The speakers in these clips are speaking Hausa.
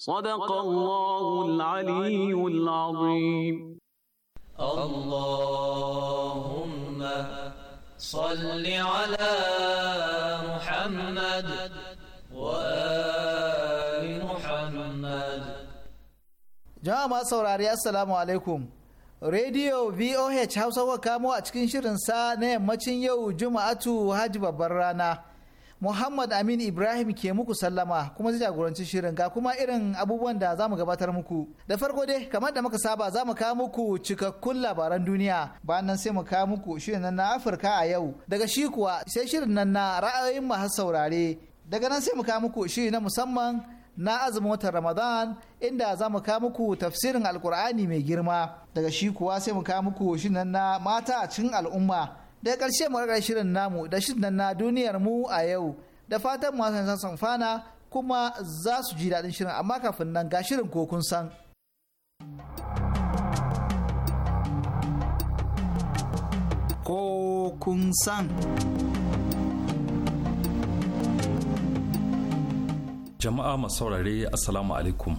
صدق الله العلي العظيم اللهم صل على محمد وآل محمد جماعة saurari assalamu alaikum Radio VOH Hausa wa kamo a cikin shirin sa na yammacin yau Juma'atu Hajji babbar rana. Muhammad Amin Ibrahim ke muku sallama kuma zai jagoranci shirin ga kuma irin abubuwan da za mu gabatar muku. Da farko dai kamar da muka saba za mu kawo muku cikakkun labaran duniya bayan nan sai mu kawo muku shirin nan na Afirka a yau daga shi kuwa sai shirin nan na ra'ayoyin masu saurare daga nan sai mu kawo muku shirin na musamman na azumin watan Ramadan inda za mu kawo muku tafsirin Alkur'ani mai girma daga shi kuwa sai mu kawo muku shirin nan na mata a cikin al'umma da ƙarshe mu raka shirin namu da shirin na duniyar mu a yau da fatan masu san samfana kuma za su ji daɗin shirin amma kafin nan ga shirin ko kun san. Ko kun san. Jama'a masu saurare Assalamu alaikum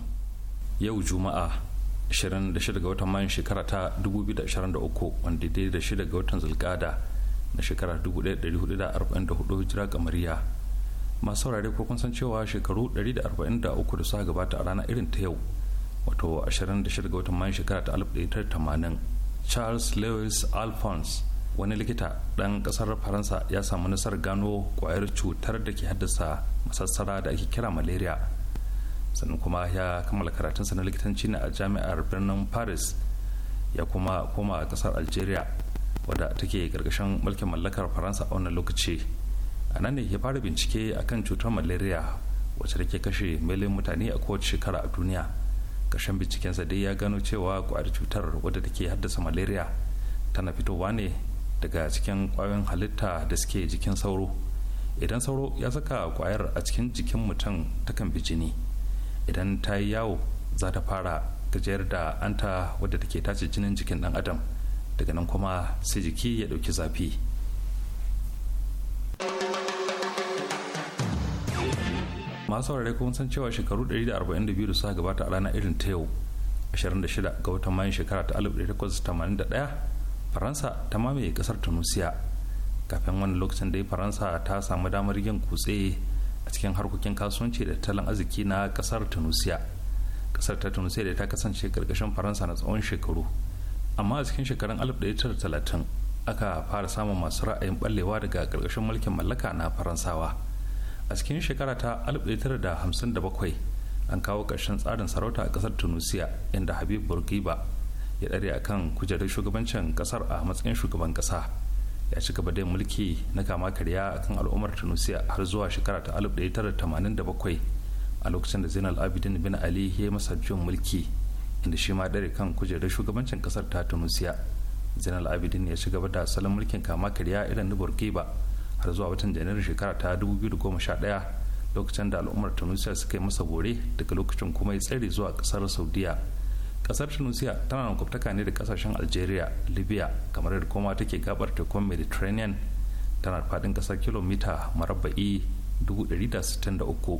yau Juma'a 26 ga watan mayan shekara ta 2023 wanda daidai da 6 ga watan zulkada na shekara 1444 hijira kamariya masu saurare ko kun san cewa shekaru 143 da suka gabata a rana irin ta yau wato 26 ga watan mayu shekara ta 1980 charles lewis alphonse wani likita ɗan ƙasar faransa ya samu nasarar gano ƙwayar cutar da ke haddasa masassara da ake kira malaria sannan kuma ya kammala karatunsa na likitanci ne a jami'ar birnin paris ya kuma koma a ƙasar algeria wadda take gargashin mulkin mallakar faransa a wannan lokaci a nan ne ya fara bincike a kan cutar malaria wacce da ke kashe miliyan mutane a kowace shekara a duniya ƙarshen bincikensa dai ya gano cewa kwayar cutar wadda take haddasa malaria tana fitowa ne daga cikin kwayoyin halitta da suke jikin sauro idan sauro ya saka kwayar a cikin jikin mutum takan bi jini idan ta yi yawo za ta fara gajiyar da anta wadda take tace jinin jikin dan adam daga nan kuma sai jiki ya dauki zafi masu saurare kuma san cewa shekaru 142 da suka gabata a ranar irin ta yau 26 ga watan mayun shekara ta 1881 faransa ta mamaye kasar tunisia kafin wani lokacin dai faransa ta samu damar yin kutse a cikin harkokin kasuwanci da tattalin arziki na kasar tunisia kasar ta tunisia da ta kasance karkashin faransa na tsawon shekaru amma a cikin shekarun 1930 aka fara samun masu ra'ayin ballewa daga ƙarƙashin mulkin mallaka na faransawa a cikin shekara ta 1957 an kawo ƙarshen tsarin sarauta a ƙasar tunisia inda habib burgiba ya ɗare a kan kujerar shugabancin ƙasar a matsayin shugaban ƙasa ya ci gaba da mulki na kama karya a kan al'ummar tunisia har zuwa shekara ta 1987 a lokacin da zainal abidin bin ali ya yi masa jin mulki inda shi ma dare kan kujerar shugabancin kasar ta tunusiya zainal abidin ya shiga da salon mulkin kama karya irin na burkiba har zuwa watan janairun shekara ta 2011 lokacin da al'ummar tunusiya suka yi masa bore daga lokacin kuma ya tsere zuwa kasar saudiya kasar tunusiya tana makwabtaka ne da kasashen algeria libya kamar da koma take gabar tekun mediterranean tana faɗin kasar kilomita marabba'i 163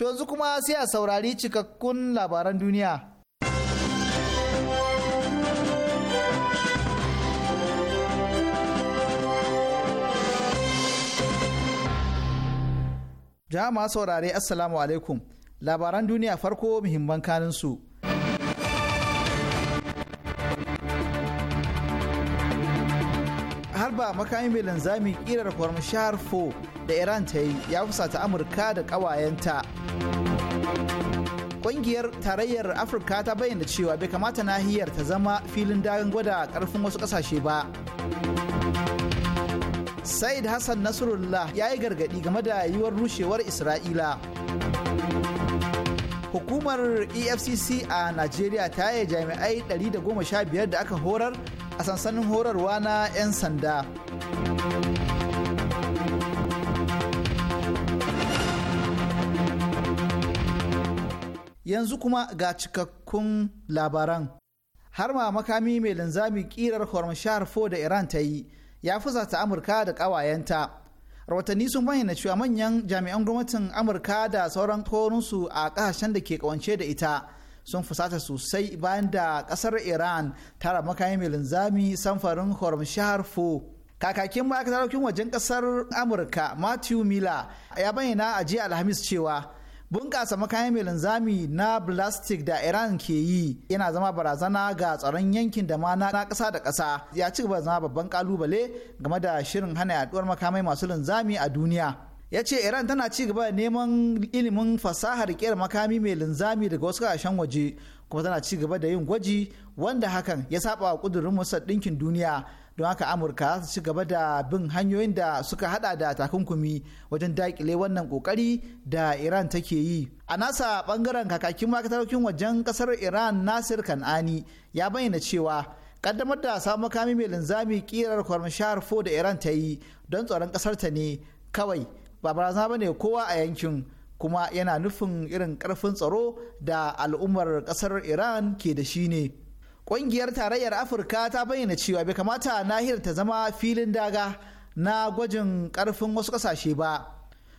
To yanzu kuma sai a saurari cikakkun labaran duniya. Jama'a saurare Assalamu alaikum. Labaran duniya farko muhimman kanin su. makamin mai linzamin kirar shahar fo da iran ta yi ya fusata amurka da kawayenta. kungiyar tarayyar afirka ta bayyana cewa bai kamata nahiyar ta zama filin dagan gwada karfin wasu kasashe ba said hassan nasrullah ya yi gargadi game da yiwuwar rushewar isra'ila hukumar efcc a najeriya ta yi jami'ai 115 da aka horar a sansanin horarwa na 'yan sanda. Yanzu kuma ga cikakkun labaran. Har ma makami mai linzami kirar Hormashar Fo da Iran ta yi, ya fusata Amurka da ƙawayenta. rawatanni sun bayyana cewa manyan jami'an gwamnatin amurka da sauran korinsu a kasashen da ke kawance da ita sun fusata sosai bayan da kasar iran tara makami mai linzami samfarin shahar fo kakakin ma'aikatar wajen kasar amurka matthew miller ya bayyana a jiya alhamis cewa bunƙasa makami mai linzami na plastic da iran ke yi yana zama barazana ga tsaron yankin da ma na kasa da kasa. ya ci gaba zama babban kalubale game da shirin hana yaduwar makamai masu linzami a duniya ya ce iran tana ci gaba da neman ilimin fasahar kera makami mai linzami daga wasu kasashen waje kuma tana ci gaba da yin gwaji wanda hakan ya saba wa kudurin musar dinkin duniya don haka amurka za ta ci gaba da bin hanyoyin da suka hada da takunkumi wajen dakile wannan kokari da iran take yi a nasa bangaren kakakin makatarokin wajen kasar iran nasir kan'ani ya bayyana cewa kaddamar da samun makami mai linzami kirar kwarmashar fo da iran ta yi don tsoron kasar ta ne kawai ba barazana ba ne kowa a yankin kuma yana nufin irin karfin tsaro da al'ummar kasar iran ke da shi ne ƙungiyar tarayyar afirka ta bayyana cewa bai kamata nahiyar ta zama filin daga na gwajin karfin wasu ƙasashe ba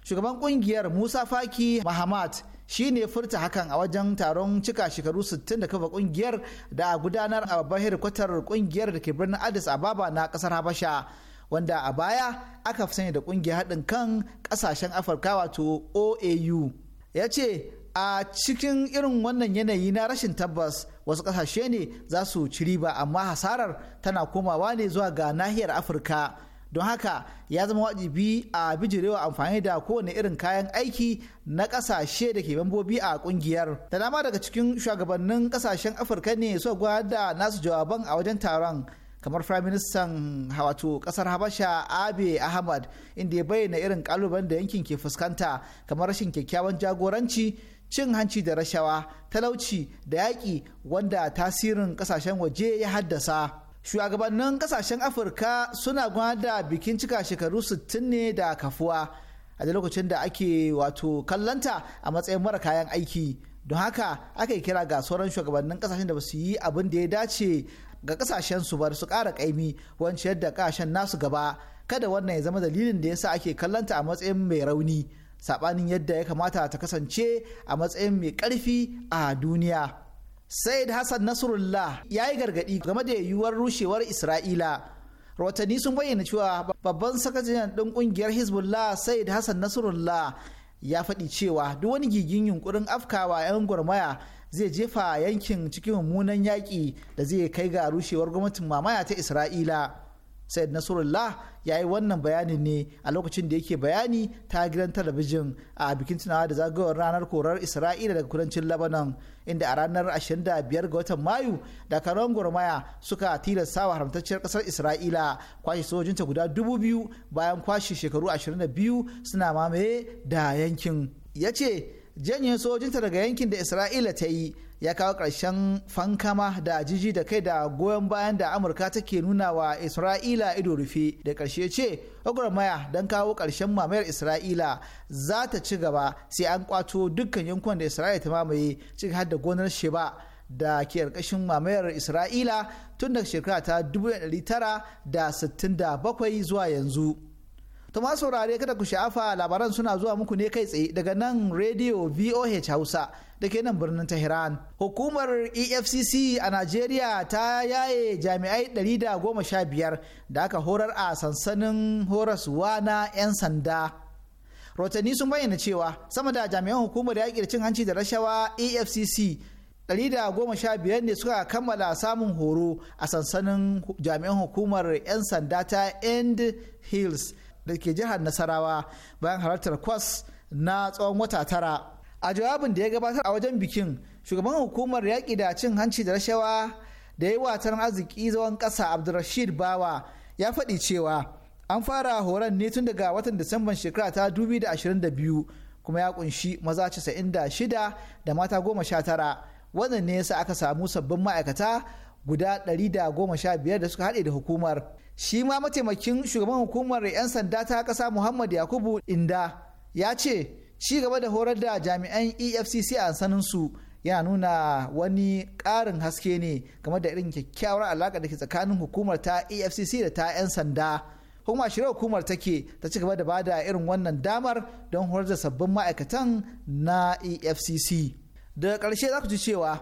shugaban ƙungiyar musa faki mahamat shi ne furta hakan a wajen taron cika shekaru 60 da kafa ƙungiyar da gudanar a babbar kwatar ƙungiyar da ke birnin addis ababa na ƙasar habasha wanda a baya aka fi sani da ƙungiyar haɗin kan ƙasashen afirka wato oau ya ce a cikin irin wannan yanayi na rashin tabbas wasu ƙasashe ne za su ci riba amma hasarar tana komawa ne zuwa ga nahiyar afirka don haka ya zama wajibi a bijirewa amfani da kowane irin kayan aiki na kasashe da ke membobi a kungiyar da dama daga cikin shugabannin kasashen afirka ne suka gwada nasu jawaban a wajen taron kamar firayim ministan wato kasar habasha abe ahmad inda ya bayyana irin kalubalen da yankin ke fuskanta kamar rashin kyakkyawan jagoranci cin hanci da rashawa talauci da yaƙi wanda tasirin kasashen waje ya haddasa shugabannin kasashen afirka suna gwada bikin cika shekaru sittin ne da kafuwa a da lokacin da ake wato kallanta a matsayin mara kayan aiki don haka aka yi kira ga sauran shugabannin kasashen da ba su yi abin da ya dace ga kasashen su bar su kara kaimi wancan yadda kasashen nasu gaba kada wannan ya zama dalilin da yasa ake kallanta a matsayin mai rauni saɓanin yadda ya kamata ta kasance a matsayin mai karfi a duniya. Said Hassan Nasrullah ya yi gargaɗi game da yiwuwar rushewar Isra'ila. Rahotanni sun bayyana cewa babban sakataren ɗin ƙungiyar Hezbollah Said Hassan Nasrullah ya faɗi cewa duk wani gigin yunkurin afkawa 'yan gwarmaya zai jefa yankin cikin mummunan yaƙi da zai kai ga rushewar gwamnatin mamaya ta isra'ila said nasrullah ya yi wannan bayanin ne a lokacin da yake bayani ta gidan talabijin a bikin tunawa da zagayowar ranar korar isra'ila daga kudancin lebanon inda a ranar 25 ga watan mayu dakarun gwarmaya suka tilasta wa haramtacciyar kasar isra'ila kwashe sojojinta guda dubu biyu bayan kwashe shekaru 22 suna mamaye da yankin ya ce janyen sojinta daga yankin da isra'ila ta yi ya kawo ƙarshen fankama da jiji da kai da goyon bayan da amurka take nuna wa isra'ila ido rufe da ƙarshe ce maya don kawo ƙarshen mamayar isra'ila za ta ci gaba sai an kwato dukkan yankunan da isra'ila ta mamaye cikin har da gonar sheba da ke ƙarƙashin mamayar isra'ila tun daga shekara ta 1967 zuwa yanzu. To ma saurare kada ku sha'afa labaran suna zuwa muku ne kai tsaye daga nan Radio VOH Hausa da ke nan birnin Tehran. Hukumar EFCC a Najeriya ta yaye jami'ai 115 da aka horar a sansanin horaswa na 'yan sanda. Rotani sun bayyana cewa sama da jami'an hukumar yaƙi da cin hanci da rashawa EFCC 115 ne suka kammala samun horo a sansanin jami'an hukumar 'yan sanda ta End Hills. da ke jihar Nasarawa bayan halartar kwas na tsawon wata tara. A jawabin da ya gabatar a wajen bikin, shugaban hukumar yaƙi da cin hanci da rashawa da ya yi watan arziki zaman ƙasa Abdulrashid Bawa ya faɗi cewa an fara horon ne tun daga watan Disamban shekara ta 2022 kuma ya kunshi maza 96 da shida da mata goma 19 wannan ne yasa aka samu sabbin ma'aikata guda 115 da suka haɗe da hukumar shi ma mataimakin shugaban hukumar 'yan sanda ta kasa muhammad yakubu inda ya ce ci gaba da horar da jami'an efcc a saninsu yana nuna wani ƙarin haske ne game da irin kyakkyawar alaƙa da ke tsakanin hukumar ta efcc da ta 'yan sanda kuma shirya hukumar take ta ci gaba da bada irin wannan damar don horar da sabbin ma'aikatan na efcc daga ƙarshe za ku ji cewa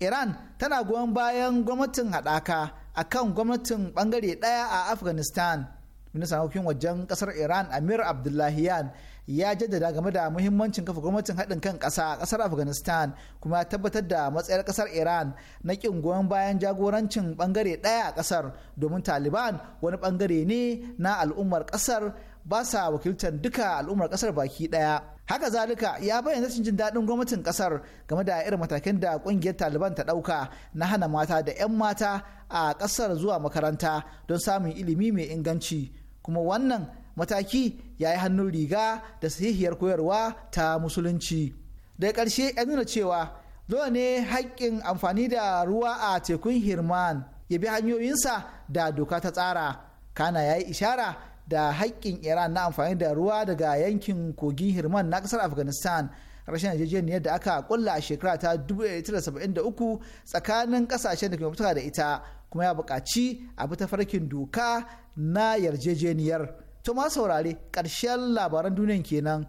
iran tana goyon bayan gwamnatin haɗaka akan gwamnatin bangare daya a afghanistan ministan harkokin wajen kasar iran amir abdullahiyan ya jaddada game da muhimmancin kafa gwamnatin haɗin kan ƙasa a ƙasar afghanistan kuma ya tabbatar da matsayar ƙasar iran na ƙin goyon bayan jagorancin bangare ɗaya a ƙasar domin taliban wani bangare ne na al'ummar ƙasar ba sa wakiltar duka al'ummar ƙasar baki ɗaya haka zalika ya bayyana rashin jin daɗin gwamnatin ƙasar game da irin matakan da ƙungiyar taliban ta ɗauka na hana mata da 'yan mata a ƙasar zuwa makaranta don samun ilimi mai inganci kuma wannan mataki ya yi hannun riga da sahihiyar koyarwa ta musulunci daga ƙarshe ya nuna cewa dole ne haƙƙin amfani da ruwa a tekun hirman ya bi hanyoyinsa da doka ta tsara kana ya yi ishara da haƙƙin iran na amfani da ruwa daga yankin kogin hirman na ƙasar afghanistan rashin yarjejeniyar da aka kulla a shekara ta 1973 tsakanin ƙasashen da ke da ita kuma ya buƙaci a bi farkin doka na yarjejeniyar to ma saurare ƙarshen labaran duniyan kenan.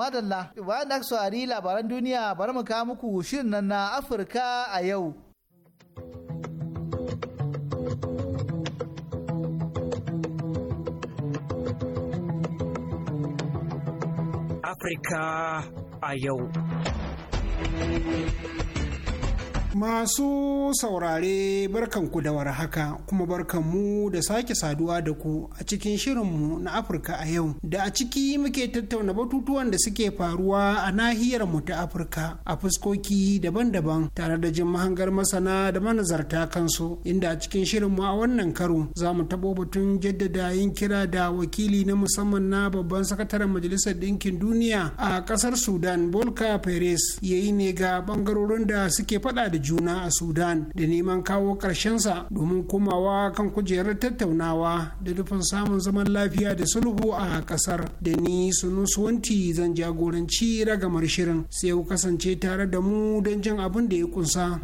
madalla bayan da saurari labaran duniya bari mu kawo muku shirin nan na afirka a yau afirka a yau Masu saurare barkanku da haka kuma barkanmu da sake saduwa da ku a cikin shirinmu na Afirka a yau da a ciki muke tattauna batutuwan da suke faruwa a nahiyar mu ta Afirka a fuskoki daban-daban tare da jin mahangar masana da manazarta kansu inda a cikin shirinmu a wannan karo za mu taɓo batun jaddada yin kira da wakili na musamman na babban sakataren majalisar ɗinkin duniya a ƙasar Sudan Volker Perez yayi ne ga bangarorin da suke faɗa da juna a sudan da neman kawo ƙarshensa domin komawa kan kujerar tattaunawa da nufin samun zaman lafiya da sulhu a ƙasar da ni suwanti zan jagoranci ragamar shirin sai ku kasance tare da mu don jin abin da ya kunsa.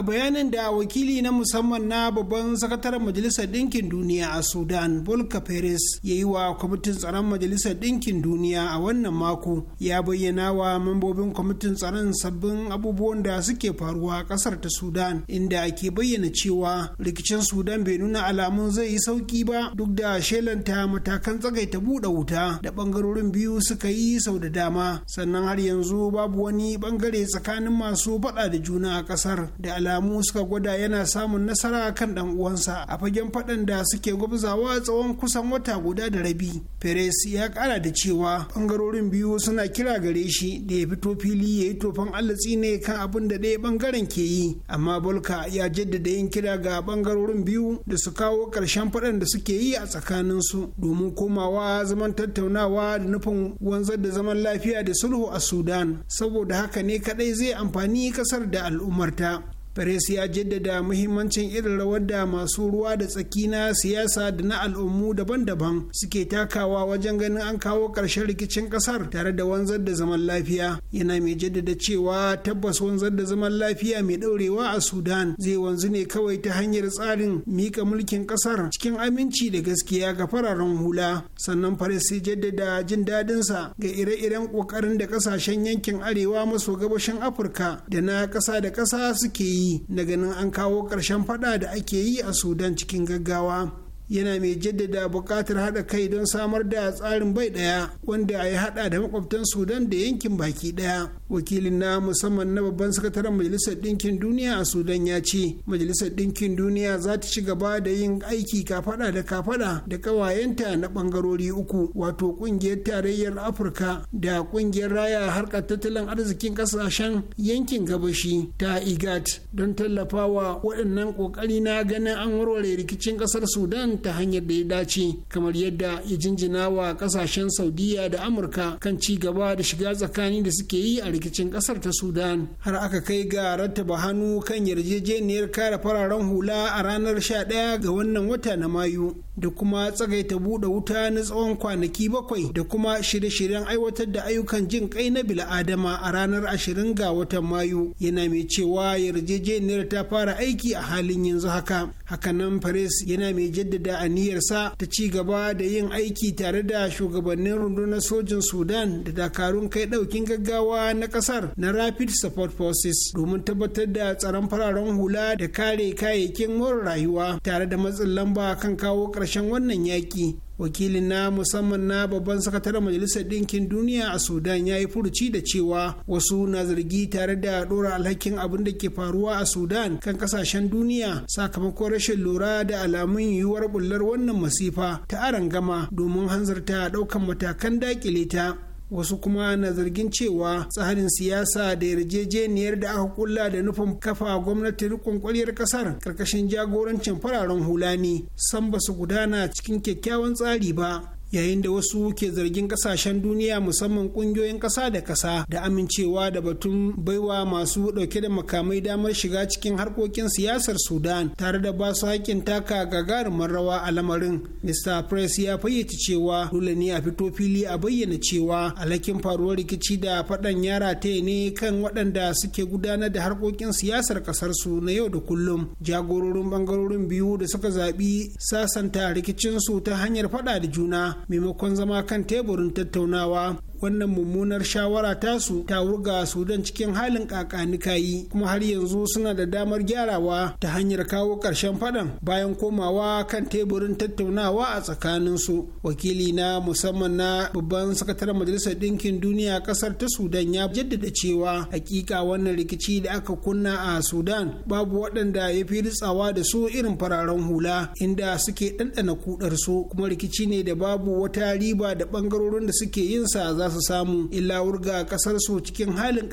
a bayanin da wakili na musamman na babban sakataren majalisar ɗinkin duniya a sudan volka peres ya yi wa kwamitin tsaron majalisar ɗinkin duniya a wannan mako ya bayyana wa mambobin kwamitin tsaron sabbin abubuwan da suke faruwa a ƙasar ta sudan inda ake bayyana cewa rikicin sudan bai nuna alamun zai yi sauki ba duk da shelanta matakan tsagaita buɗe wuta da ɓangarorin biyu suka yi sau da dama sannan har yanzu babu wani ɓangare tsakanin masu faɗa da juna a ƙasar da alamun alamu suka gwada yana samun nasara kan dan uwansa a fagen faɗan da suke gwabzawa tsawon kusan wata guda da rabi peres ya kara da cewa ɓangarorin biyu suna kira gare shi da ya fito fili ya yi tofan allatsi ne kan abin da ɗaya bangaren ke yi amma bolka ya jaddada yin kira ga ɓangarorin biyu da su kawo ƙarshen faɗan da suke yi a tsakaninsu domin komawa zaman tattaunawa da nufin wanzar da zaman lafiya da sulhu a sudan saboda haka ne kaɗai zai amfani ƙasar da al'ummarta fires ya jaddada muhimmancin irin rawar da masu ruwa da tsaki na siyasa da na al'ummu daban-daban suke takawa wajen ganin an kawo ƙarshen rikicin ƙasar tare da wanzar da zaman lafiya. Yana mai jaddada cewa tabbas wanzar da zaman lafiya mai ɗaurewa a Sudan zai wanzu ne kawai ta hanyar tsarin mika mulkin ƙasar cikin aminci da gaskiya ga fararen hula. Sannan fares ya jaddada jin daɗinsa ga ire-iren ƙoƙarin da ƙasashen yankin Arewa maso gabashin Afirka da na ƙasa da ƙasa suke yi. yi na ganin an kawo ƙarshen fada da ake yi a sudan cikin gaggawa yana mai jaddada buƙatar haɗa kai don samar da tsarin bai ɗaya wanda ya haɗa da makwabtan sudan da yankin baki ɗaya wakilin na musamman na babban sakataren majalisar ɗinkin duniya a sudan ya ce majalisar ɗinkin duniya za ta ci gaba da yin aiki kafaɗa da kafaɗa da ƙawayenta na ɓangarori uku wato ƙungiyar tarayyar afirka da ƙungiyar raya harkar tattalin arzikin ƙasashen yankin gabashi ta igat don tallafawa waɗannan ƙoƙari na ganin an warware rikicin ƙasar sudan ta hanyar da ya dace kamar yadda ya jinjina wa kasashen saudiya da amurka kan ci gaba da shiga tsakani da suke yi a rikicin kasar ta sudan har aka kai ga rattaba hannu kan yarjejeniyar kare fararen hula a ranar sha 11 ga wannan wata na mayu da kuma tsagaita buɗe wuta na tsawon kwanaki bakwai da kuma shirye-shiryen aiwatar da ayyukan jin kai na bil'adama a ranar ashirin ga watan mayu yana mai cewa yarjejeniyar ta fara aiki a halin yanzu haka hakanan paris yana mai jaddada da aniyarsa ta ci gaba da yin aiki tare da shugabannin rundunar sojin sudan da dakarun kai daukin gaggawa na kasar na rapid support forces domin tabbatar da tsaron fararen hula da kare kayayyakin more rayuwa tare da matsin lamba kan kawo ƙarshen wannan yaƙi wakilin na musamman na babban sakataren majalisar ɗinkin duniya a sudan ya yi furuci da cewa wasu na zargi tare da ɗora alhakin abin da ke faruwa a sudan kan ƙasashen duniya sakamakon rashin lura da alamun yiwuwar bullar wannan masifa ta arangama domin hanzarta ɗaukan matakan daƙile ta wasu kuma na zargin cewa tsarin siyasa da yarjejeniyar da aka kulla da nufin kafa gwamnati rikon kwaliyar kasar karkashin jagorancin fararen hula ne san ba su gudana cikin kyakkyawan tsari ba yayin da wasu ke zargin kasashen duniya musamman kungiyoyin ƙasa da ƙasa da amincewa da batun baiwa masu dauke da makamai damar shiga cikin harkokin siyasar sudan tare da ba su haƙƙin taka gagarumar rawa a lamarin mr press ya fayyace cewa dole ne a fito fili a bayyana cewa alhakin faruwar rikici da faɗan yara ta ne kan waɗanda suke gudanar da harkokin siyasar kasar su na yau da kullum jagororin bangarorin biyu da suka zaɓi sasanta rikicinsu ta hanyar faɗa da juna maimakon zama kan teburin tattaunawa wannan mummunar shawara tasu ta wurga sudan cikin halin kakani kayi kuma har yanzu suna da damar gyarawa ta hanyar kawo ƙarshen faɗan bayan komawa kan teburin tattaunawa a tsakanin su wakili na musamman na babban sakataren majalisar ɗinkin duniya ƙasar ta sudan ya jaddada cewa hakika wannan rikici da aka kunna a sudan babu waɗanda ya fi ritsawa da su irin fararen hula inda suke ɗanɗana kudar su kuma rikici ne da babu wata riba da ɓangarorin da suke yin sa za su samu illa wurga kasar su cikin halin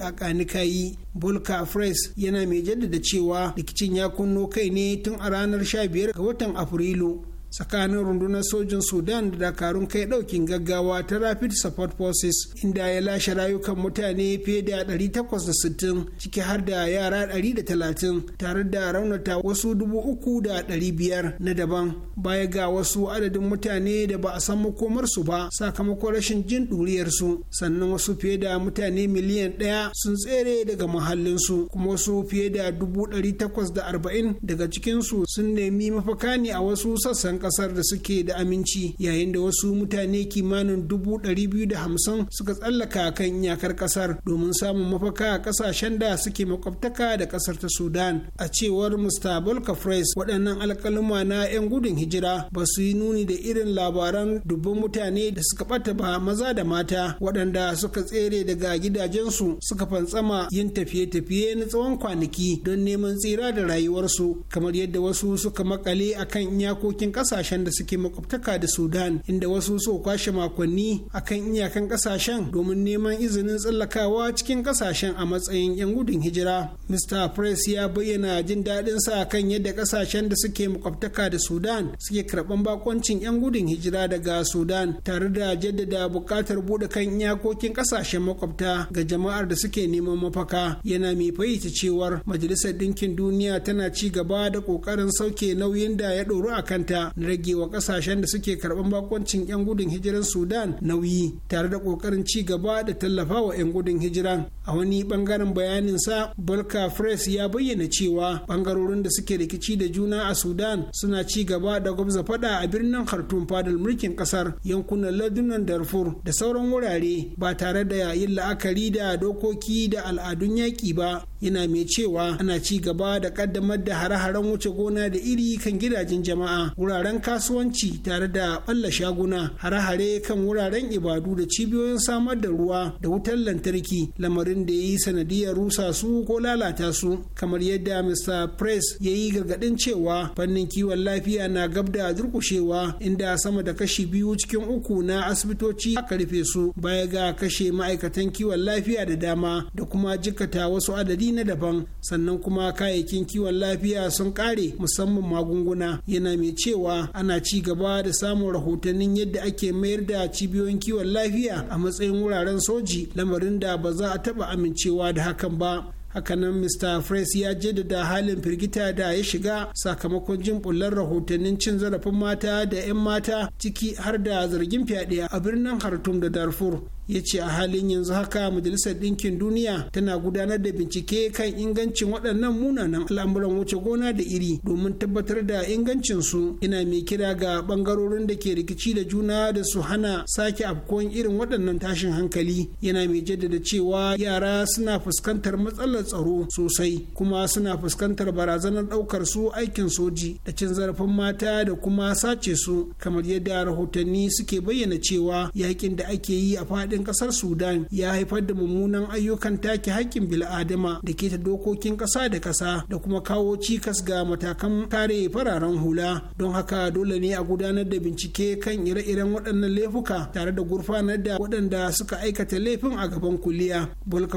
kayi bulka fres yana mai jaddada cewa rikicin ya kunno kai ne tun a ranar 15 ga watan afrilu tsakanin rundunar sojin sudan da dakarun kai daukin gaggawa ta rapid support forces inda ya lashe rayukan mutane fiye da 860 ciki har da yara 130 tare da raunata wasu 3,500 na daban baya ga wasu adadin mutane da ba a san makomarsu ba sakamakon rashin jin ɗuriyarsu sannan wasu fiye da mutane miliyan ɗaya sun tsere daga mahallinsu kuma wasu fiye da 840 daga cikinsu sun nemi mafaka ne a wasu sassan sassan kasar da suke da aminci yayin da wasu mutane kimanin dubu ɗari biyu da hamsin suka tsallaka kan iyakar kasar domin samun mafaka a ƙasashen da suke makwabtaka da kasar ta sudan a cewar mr bolka waɗannan alkaluma na 'yan gudun hijira ba su yi nuni da irin labaran dubban mutane da suka ɓata ba maza da mata waɗanda suka tsere daga gidajensu suka fantsama yin tafiye-tafiye na tsawon kwanaki don neman tsira da rayuwarsu kamar yadda wasu suka makale akan iyakokin ƙasa kasashen da suke makwabtaka da sudan inda wasu so kwashe makonni akan iyakan kasashen domin neman izinin tsallakawa cikin kasashen a matsayin 'yan gudun hijira mr press ya bayyana jin daɗin sa kan yadda kasashen da suke makwabtaka da sudan suke karɓan bakoncin 'yan gudun hijira daga sudan tare da jaddada buƙatar buɗe kan iyakokin kasashen makwabta ga jama'ar da suke neman mafaka yana mai fahimta cewar majalisar ɗinkin duniya tana ci gaba da ƙoƙarin sauke nauyin da ya ɗoru a kanta na rage wa kasashen da suke karɓar bakoncin 'yan gudun hijiran sudan nauyi tare da ƙoƙarin ci gaba da tallafa wa 'yan gudun hijiran a wani ɓangaren sa bolka press ya bayyana cewa bangarorin da suke rikici da juna a sudan suna ci gaba da gwamza faɗa a birnin khartoum fadar mulkin ƙasar yankunan ladunan darfur da sauran wurare ba tare da yayin la'akari da dokoki da al'adun yaƙi ba yana mai cewa ana ci gaba da kaddamar da hare-haren wuce gona da iri kan gidajen jama'a wuraren kasuwanci tare da balla shaguna hare-hare kan wuraren ibadu da cibiyoyin samar da ruwa da wutar lantarki lamarin da ya yi sanadiyar rusa su ko lalata su kamar yadda mr press ya yi gargadin cewa fannin kiwon lafiya na gab da durkushewa inda sama da kashi biyu cikin uku na asibitoci aka rufe su baya ga kashe ma'aikatan kiwon lafiya da dama da kuma jikkata wasu adadi hali na daban sannan kuma kayayyakin kiwon lafiya sun kare musamman magunguna yana mai cewa ana ci gaba da samun rahotannin yadda ake mayar da cibiyoyin kiwon lafiya a matsayin wuraren soji lamarin da ba za a taba amincewa da hakan ba hakanan mr fres ya jaddada halin firgita da ya shiga sakamakon jin bullar rahotannin cin zarafin mata da 'yan mata ciki har da zargin fyaɗe a birnin hartum da darfur ya ce a halin yanzu haka majalisar ɗinkin duniya tana gudanar da bincike kan ingancin waɗannan munanan al'amuran wuce gona da iri domin tabbatar da ingancinsu ina mai kira ga bangarorin da ke rikici da juna da su hana sake afkon irin waɗannan tashin hankali yana mai jaddada cewa yara suna fuskantar matsalar tsaro sosai kuma suna fuskantar barazanar ɗaukar su aikin soji da cin zarafin mata da kuma sace su kamar yadda rahotanni suke bayyana cewa yakin da ake yi a faɗin ɗin ƙasar sudan ya haifar da mummunan ayyukan take haƙƙin bil'adama da ke ta dokokin ƙasa da ƙasa da kuma kawo cikas ga matakan kare fararen hula don haka dole ne a gudanar da bincike kan ire-iren waɗannan laifuka tare da gurfanar da waɗanda suka aikata laifin a gaban kuliya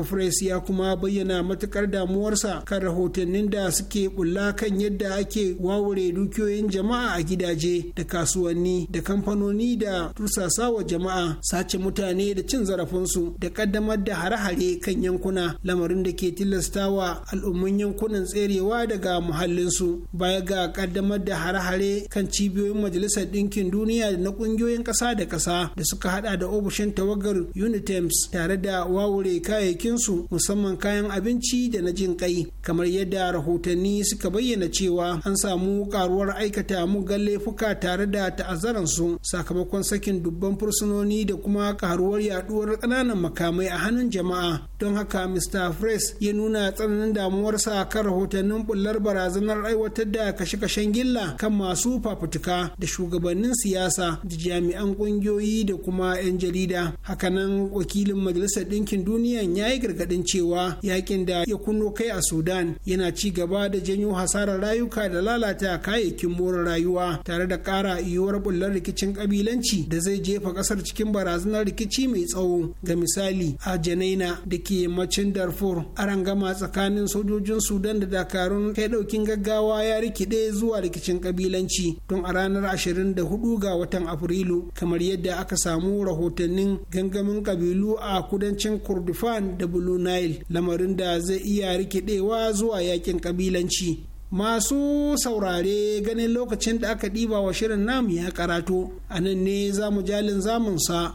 fres ya kuma bayyana matuƙar damuwarsa kan rahotannin da suke bulla kan yadda ake wawure dukiyoyin jama'a a gidaje da kasuwanni da kamfanoni da tursasa wa jama'a sace mutane da cin zarafinsu da kaddamar da hare-hare kan yankuna lamarin da ke tilastawa al'ummun yankunan tserewa daga muhallinsu baya ga kaddamar da hare-hare kan cibiyoyin majalisar ɗinkin duniya da na ƙungiyoyin ƙasa da ƙasa da suka hada da ofishin tawagar unitems tare da wawure kayayyakinsu musamman kayan abinci da na jin kai kamar yadda rahotanni suka bayyana cewa an samu karuwar aikata mugan laifuka tare da ta'azzaransu sakamakon sakin dubban fursunoni da kuma karuwar yaduwar ƙananan makamai a hannun jama'a don haka mr fres ya nuna tsananin damuwarsa kan rahotannin bullar barazanar aiwatar da kashe-kashen gilla kan masu fafutuka da shugabannin siyasa da jami'an ƙungiyoyi da kuma 'yan jarida hakanan wakilin majalisar ɗinkin duniya ya yi gargaɗin cewa yakin da ya kunno kai a sudan yana ci gaba da janyo hasarar rayuka da lalata kayayyakin more rayuwa tare da ƙara yiwuwar bullar rikicin ƙabilanci da zai jefa ƙasar cikin barazanar rikici mai mai tsawo ga misali a janaina da ke yammacin darfur arangama tsakanin sojojin sudan da dakarun kai daukin gaggawa ya rikide zuwa rikicin kabilanci tun a ranar 24 ga watan afrilu kamar yadda aka samu rahotannin gangamin kabilu a kudancin kurdufan da blue nile lamarin da zai iya rikidewa zuwa yakin kabilanci masu saurare ganin lokacin da aka ɗiba wa shirin namu ya karatu a nan ne zamu jalin zamunsa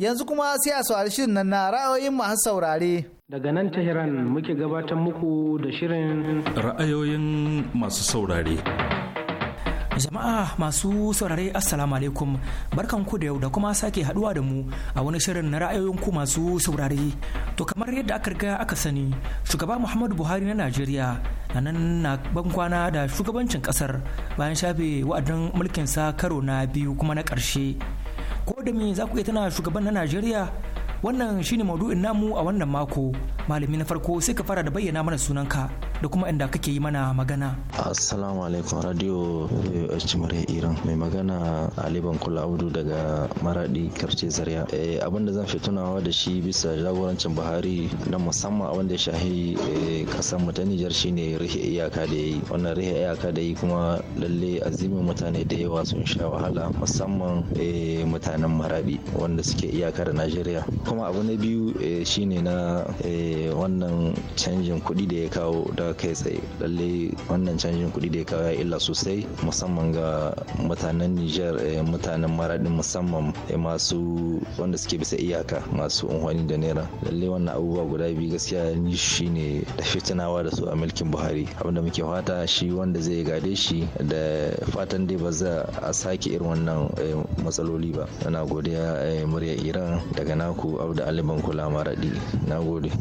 yanzu kuma sai a saurari shirin nan na ra'ayoyin masu saurare. Daga nan Tehran muke gabatar muku da shirin ra'ayoyin masu saurare. Jama'a masu saurare Assalamu alaikum barkan ku da yau da kuma sake haduwa da mu a wani shirin na ra'ayoyin ku masu saurare. To kamar yadda aka riga aka sani shugaba Muhammadu Buhari na Najeriya a nan na bankwana da shugabancin kasar bayan shafe wa'adin mulkin sa karo na biyu kuma na karshe ko da me za ku iya tana shugaban na Najeriya wannan shine maudu'in namu a wannan mako malami na farko sai ka fara da bayyana mana sunanka. da kuma inda kake yi mana magana. Assalamu alaikum radio VOH Murya Iran mai magana Ali Bankula Abdu daga Maradi Karce Zaria. Eh, abin da zan fi tunawa da shi bisa jagorancin Buhari na musamman abin da shahi kasar eh, mu ta Nijar shine rihe iyaka da yi. Wannan rihe iyaka da yi kuma lalle azimin mutane da yawa sun sha wahala musamman eh, mutanen Maradi wanda suke iyaka da Najeriya. Kuma abu na biyu shine na wannan canjin kuɗi da ya kawo da kai tsaye lalle wannan canjin kuɗi da ya kawo ya illa sosai musamman ga mutanen Nijar eh, mutanen maradin musamman eh, masu wanda suke bisa iyaka masu unhwani da naira lalle wannan abubuwa guda biyu gaskiya ni shine da fitinawa da su a mulkin Buhari abinda muke fata shi wanda zai gade shi da fatan dai ba za a sake irin wannan eh, matsaloli ba ana godiya murya Iran daga naku da aliban kula maradi na gode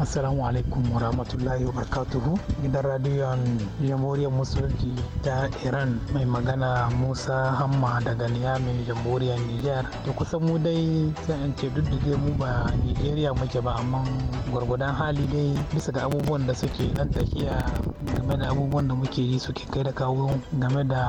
assalamu alaikum wa wabarakatuhu gidan radiyon jamhuriyar musulunci ta iran mai magana musa hamma daga niyamin jamhuriyar niger da kusan mu dai sai an ce duk da mu ba nigeria muke ba amma gwargwadon hali dai bisa ga abubuwan da suke nan tafiya game da abubuwan da muke yi suke kai da kawo game da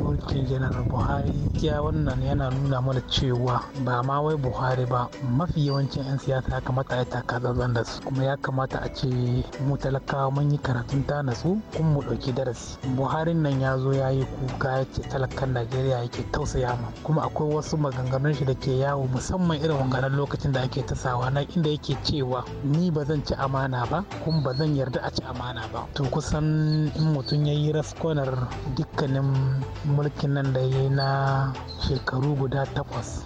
mulkin janar buhari ya wannan yana nuna mana cewa ba ma wai buhari ba mafi yawancin 'yan siyasa ya kamata a yi takazazan da su kuma ya kamata a ce mu talaka kawo mun yi karatun ta natsu kun mu ɗauki darasi buharin nan ya zo ya yi kuka ya ce talakan najeriya yake tausaya ma kuma akwai wasu maganganun shi da ke yawo musamman irin wanganan lokacin da ake tasawa na inda yake cewa ni ba zan ci amana ba kun ba zan yarda a ci amana ba to kusan in mutum ya yi raskonar dukkanin mulkin nan da ya yi na shekaru guda takwas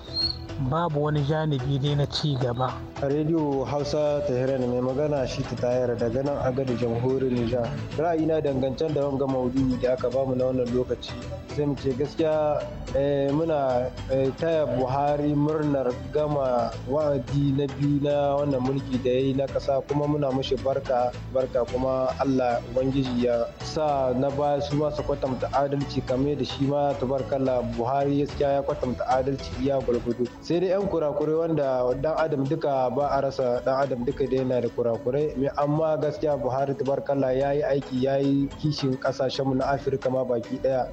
babu wani janibi dai na ci gaba. A rediyo Hausa ta Tehran mai magana shi ta tayar daga nan agadi jamhuriyar Nijar. Ra'ayina dangancen da wanga maudu da aka bamu na wannan lokaci. Sai mu ce gaskiya eh, muna eh, taya Buhari murnar gama wa'adi na biyu na wannan mulki da ya yi na kasa kuma muna mushi barka barka kuma Allah Ubangiji ya sa na ba su ma su kwatanta adalci kame da shi ma tabarkalla Buhari gaskiya ya kwatanta adalci iya gwalgwado. Sai sai dai yan kurakurai wanda dan adam duka ba a rasa dan adam duka dai yana da kurakurai mai amma gaskiya buhari tabarkalla ya yi aiki ya yi kishin kasashenmu na afirka ma baki daya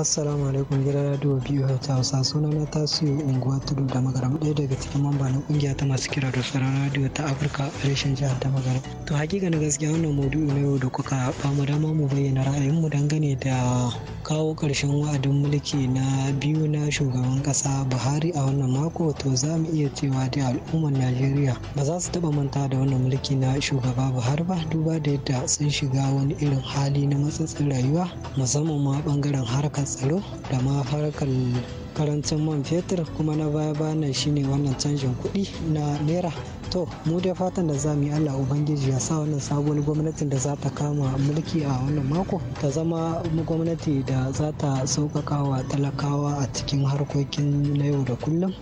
assalamu alaikum gidan radio biyu hausa hausa suna na tasiri unguwa tudu da magaram ɗaya daga cikin mamba na kungiya ta masu kira da tsaron radio ta afirka a reshen jihar ta magaram to hakika na gaskiya wannan maudu'i na yau da kuka ba mu dama mu bayyana ra'ayin ra'ayinmu dangane da kawo ƙarshen wa'adin mulki na biyu na shugaban ƙasa buhari a wannan mako to za mu iya cewa da al'ummar najeriya ba za su taɓa manta da wannan mulki na shugaba buhari ba duba da yadda sun shiga wani irin hali na matsatsin rayuwa musamman ma ɓangaren harkar harkar tsaro da ma harkar karancin man fetur kuma na baya bayan shine wannan canjin kuɗi na naira to mu dai fatan da za mu yi allah ubangiji ya sa wannan sabuwar gwamnatin da zata kama mulki a wannan mako ta zama gwamnati da zata ta sauƙaƙa wa talakawa a cikin harkokin na yau da kullum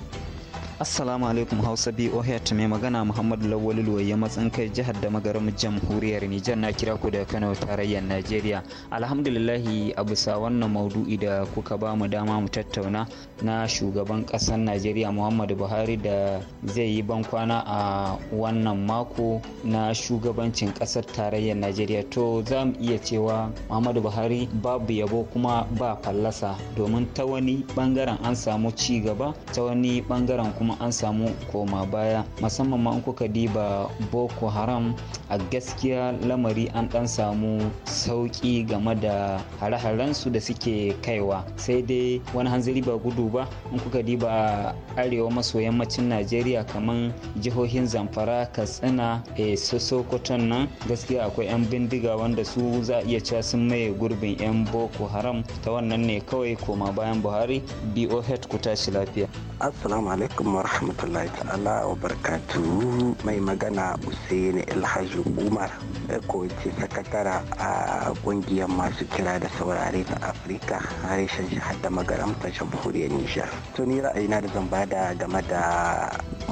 Assalamu alaikum Hausa BOH mai magana Muhammadu Lawal Luwaye matsin kai jihar da magaram jamhuriyar Nijar na kira ku da Kano tarayyar Najeriya. Alhamdulillahi a bisa wannan maudu'i da kuka ba mu dama mu tattauna na shugaban kasar Najeriya Muhammadu Buhari da zai yi bankwana a wannan mako na shugabancin ƙasar tarayyar Najeriya to za mu iya cewa Muhammadu Buhari babu yabo kuma ba fallasa domin ta wani bangaren an samu ci gaba ta wani bangaren kuma kuma an samu koma baya musamman ma in kuka diba boko haram a gaskiya lamari an dan samu sauki game da hare-harensu da suke kaiwa sai dai wani hanzari ba gudu ba in kuka diba arewa maso yammacin najeriya kamar jihohin zamfara katsina e, sokoton nan gaskiya akwai 'yan bindiga wanda su za a iya cewa sun maye gurbin 'yan boko haram ta wannan ne kawai koma bayan buhari boh ku tashi lafiya assalamu alaikum alaikum warahmatullahi ta'ala wa barkatu mai magana Usaini ilhaji Umar eh, ko ce sakatara a kungiyar masu kira da saurare ta Afirka harshen shahar da magaramta jamhuriyar Nijar. To ni ra'ayina da zan bada game da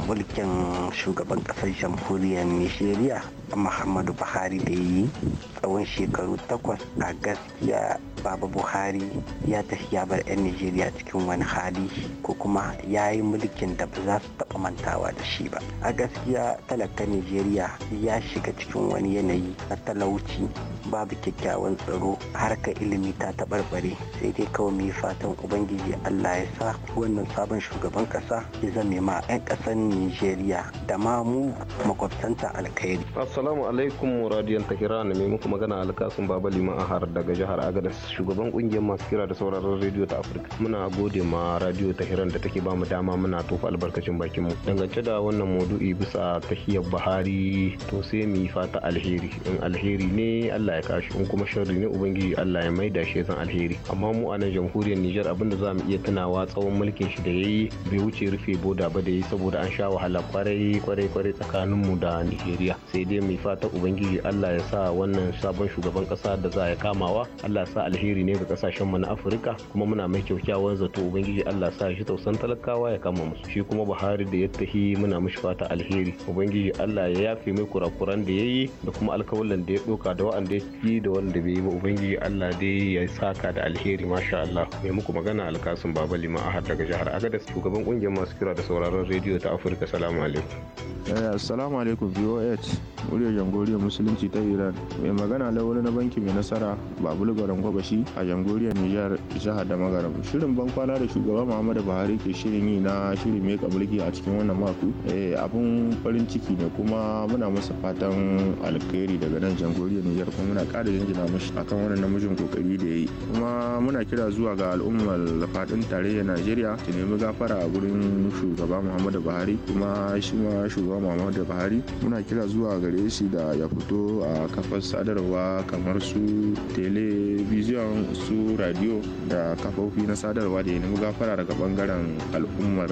mulkin shugaban kasar jamhuriyar Nijeriya muhammadu buhari da yi tsawon shekaru takwas a gaskiya baba buhari ya tafi ya bar 'yan nigeria cikin wani hali ko kuma ya yi mulkin da ba za su taɓa mantawa da shi ba a gaskiya talaka nigeria ya shiga cikin wani yanayi na talauci babu kyakkyawan tsaro harka ilimi ta taɓarɓare sai dai kawai mai fatan ubangiji allah ya sa wannan sabon shugaban ƙasa ya zame ma 'yan ƙasar nigeria da ma mu makwabtanta alkhairi Assalamu alaikum radiyon na mai muku magana alkasun Baba Liman Ahar daga jihar Agadez shugaban kungiyar masu kira da sauraron rediyo ta Afirka. Muna gode ma radiyo Tahiran da take bamu dama muna tofa albarkacin bakin mu. Dangance da wannan maudu'i bisa tahiyar Buhari to sai mu yi fata alheri. In alheri ne Allah ya kashi in kuma sharri ne ubangiji Allah ya maida shi zan alheri. Amma mu a nan jamhuriyar Nijar abinda za mu iya tunawa tsawon mulkin shi da yayi bai wuce rufe boda ba da yi saboda an sha wahala kwarai kwarai kwarai mu da Nijeriya. Sai dai mai fata ubangiji allah ya sa wannan sabon shugaban kasa da za ya kamawa allah sa alheri ne ga kasashen mu na afirka kuma muna mai kyakkyawan zato ubangiji allah sa shi tausan talakawa ya kama musu shi kuma buhari da ya tahi muna mishi fata alheri ubangiji allah ya yafe mai kurakuran da ya yi da kuma alkawalin da ya ɗauka da wa'anda ya yi da wanda bai yi ba ubangiji allah dai ya saka da alheri masha allah mai muku magana alkasun baba lima ahad daga jihar agadas shugaban kungiyar masu kira da sauraron rediyo ta afirka salamu alaikum eh, assalamu alaikum voh jamhuriyar jamhuriyar musulunci ta iran mai magana wani na banki mai nasara babul garin gwabashi a jamhuriyar nijar jihar da magarab shirin bankwana da shugaba muhammadu buhari ke shirin yi na shirin mai mulki a cikin wannan mako eh, abun farin ciki ne kuma muna masa fatan alkhairi daga nan jamhuriyar nijar kuma muna kara jinjina mishi akan wannan namijin kokari da ya yi kuma muna kira zuwa ga al'ummar faɗin tarayyar najeriya ta nemi gafara a gurin shugaba muhammadu buhari kuma shi ma shugaba muhammadu buhari muna kira zuwa gare shi da ya fito a kafar sadarwa kamar su telebijin su radio da kafofi na sadarwa da ya nemi gafara daga bangaren al'ummar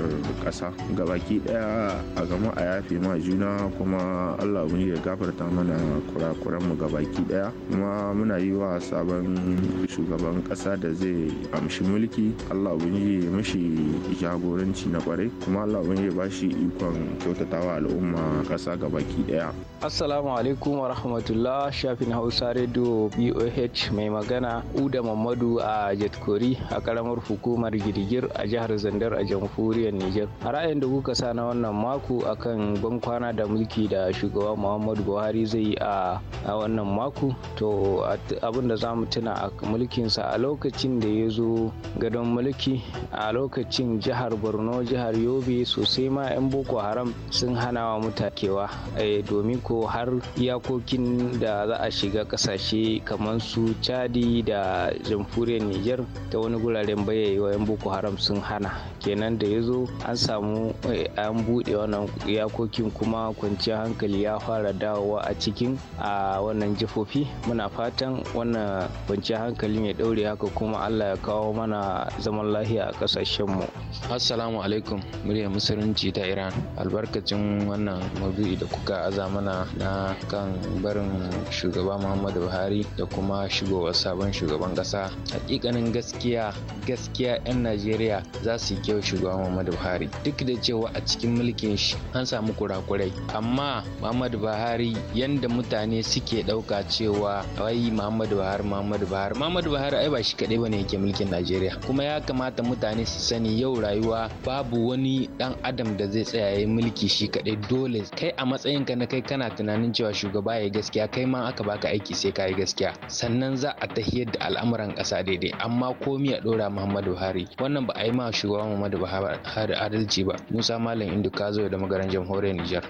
ƙasa gabaki daya a gama a yafe ma juna kuma allah ya gafarta mana kurakuran mu gabaki daya kuma muna yi wa sabon shugaban kasa da zai amshi mulki allah ya mashi jagoranci na kwarai kuma allah ya ba shi ikon kyautatawa al'umma ƙasa gabaki daya Assalamu alaikum wa rahmatullah shafin Hausa Radio BOH mai magana Uda Mamadu a Jatkori a karamar hukumar Girgir a jihar Zandar a jamhuriyar Nijar. A ra'ayin da kuka sa na wannan mako akan bankwana da mulki da shugaba Muhammadu Buhari zai yi a wannan mako to abin da za mu tuna a mulkinsa a lokacin da ya zo gadon mulki a lokacin jihar Borno jihar Yobe sosai ma 'yan Boko Haram sun hana wa mutakewa eh, domin ko har iyakokin da za a shiga kasashe kamar su chadi da jamhuriyar niger ta wani guraren bayyayewa yan boko haram sun hana kenan da ya zo an samu eh, an buɗe wannan iyakokin kuma kwanciyar hankali ya fara dawowa a cikin a wannan jifofi muna fatan wannan kwanciyar hankali ya ɗaure haka kuma allah ya kawo mana zaman lahiya a ƙasashenmu assalamu alaikum muryar musulunci ta iran albarkacin wannan mabu'i da kuka aza na kan barin shugaba muhammadu buhari da kuma shigowar sabon shugaban kasa hakikanin gaskiya gaskiya 'yan najeriya za su yi kyau shugaba muhammadu buhari duk da cewa a cikin mulkin shi an samu kurakurai amma muhammadu buhari yanda mutane suke ɗauka cewa wai muhammadu buhari muhammadu buhari muhammadu buhari ai ba shi kaɗai bane yake mulkin najeriya kuma ya kamata mutane su sani yau rayuwa babu wani ɗan adam da zai tsaya ya mulki shi kadai, dole kai a matsayinka na kai kana tunanin tunanin cewa shugaba ya yi gaskiya kai ma aka baka aiki sai ka yi gaskiya sannan za a tahiyar da al'amuran ƙasa daidai amma komi a ɗora muhammadu buhari wannan ba a yi ma shugaba muhammadu buhari adalci ba musa malam indu ka zo da magaran jamhuriyar nijar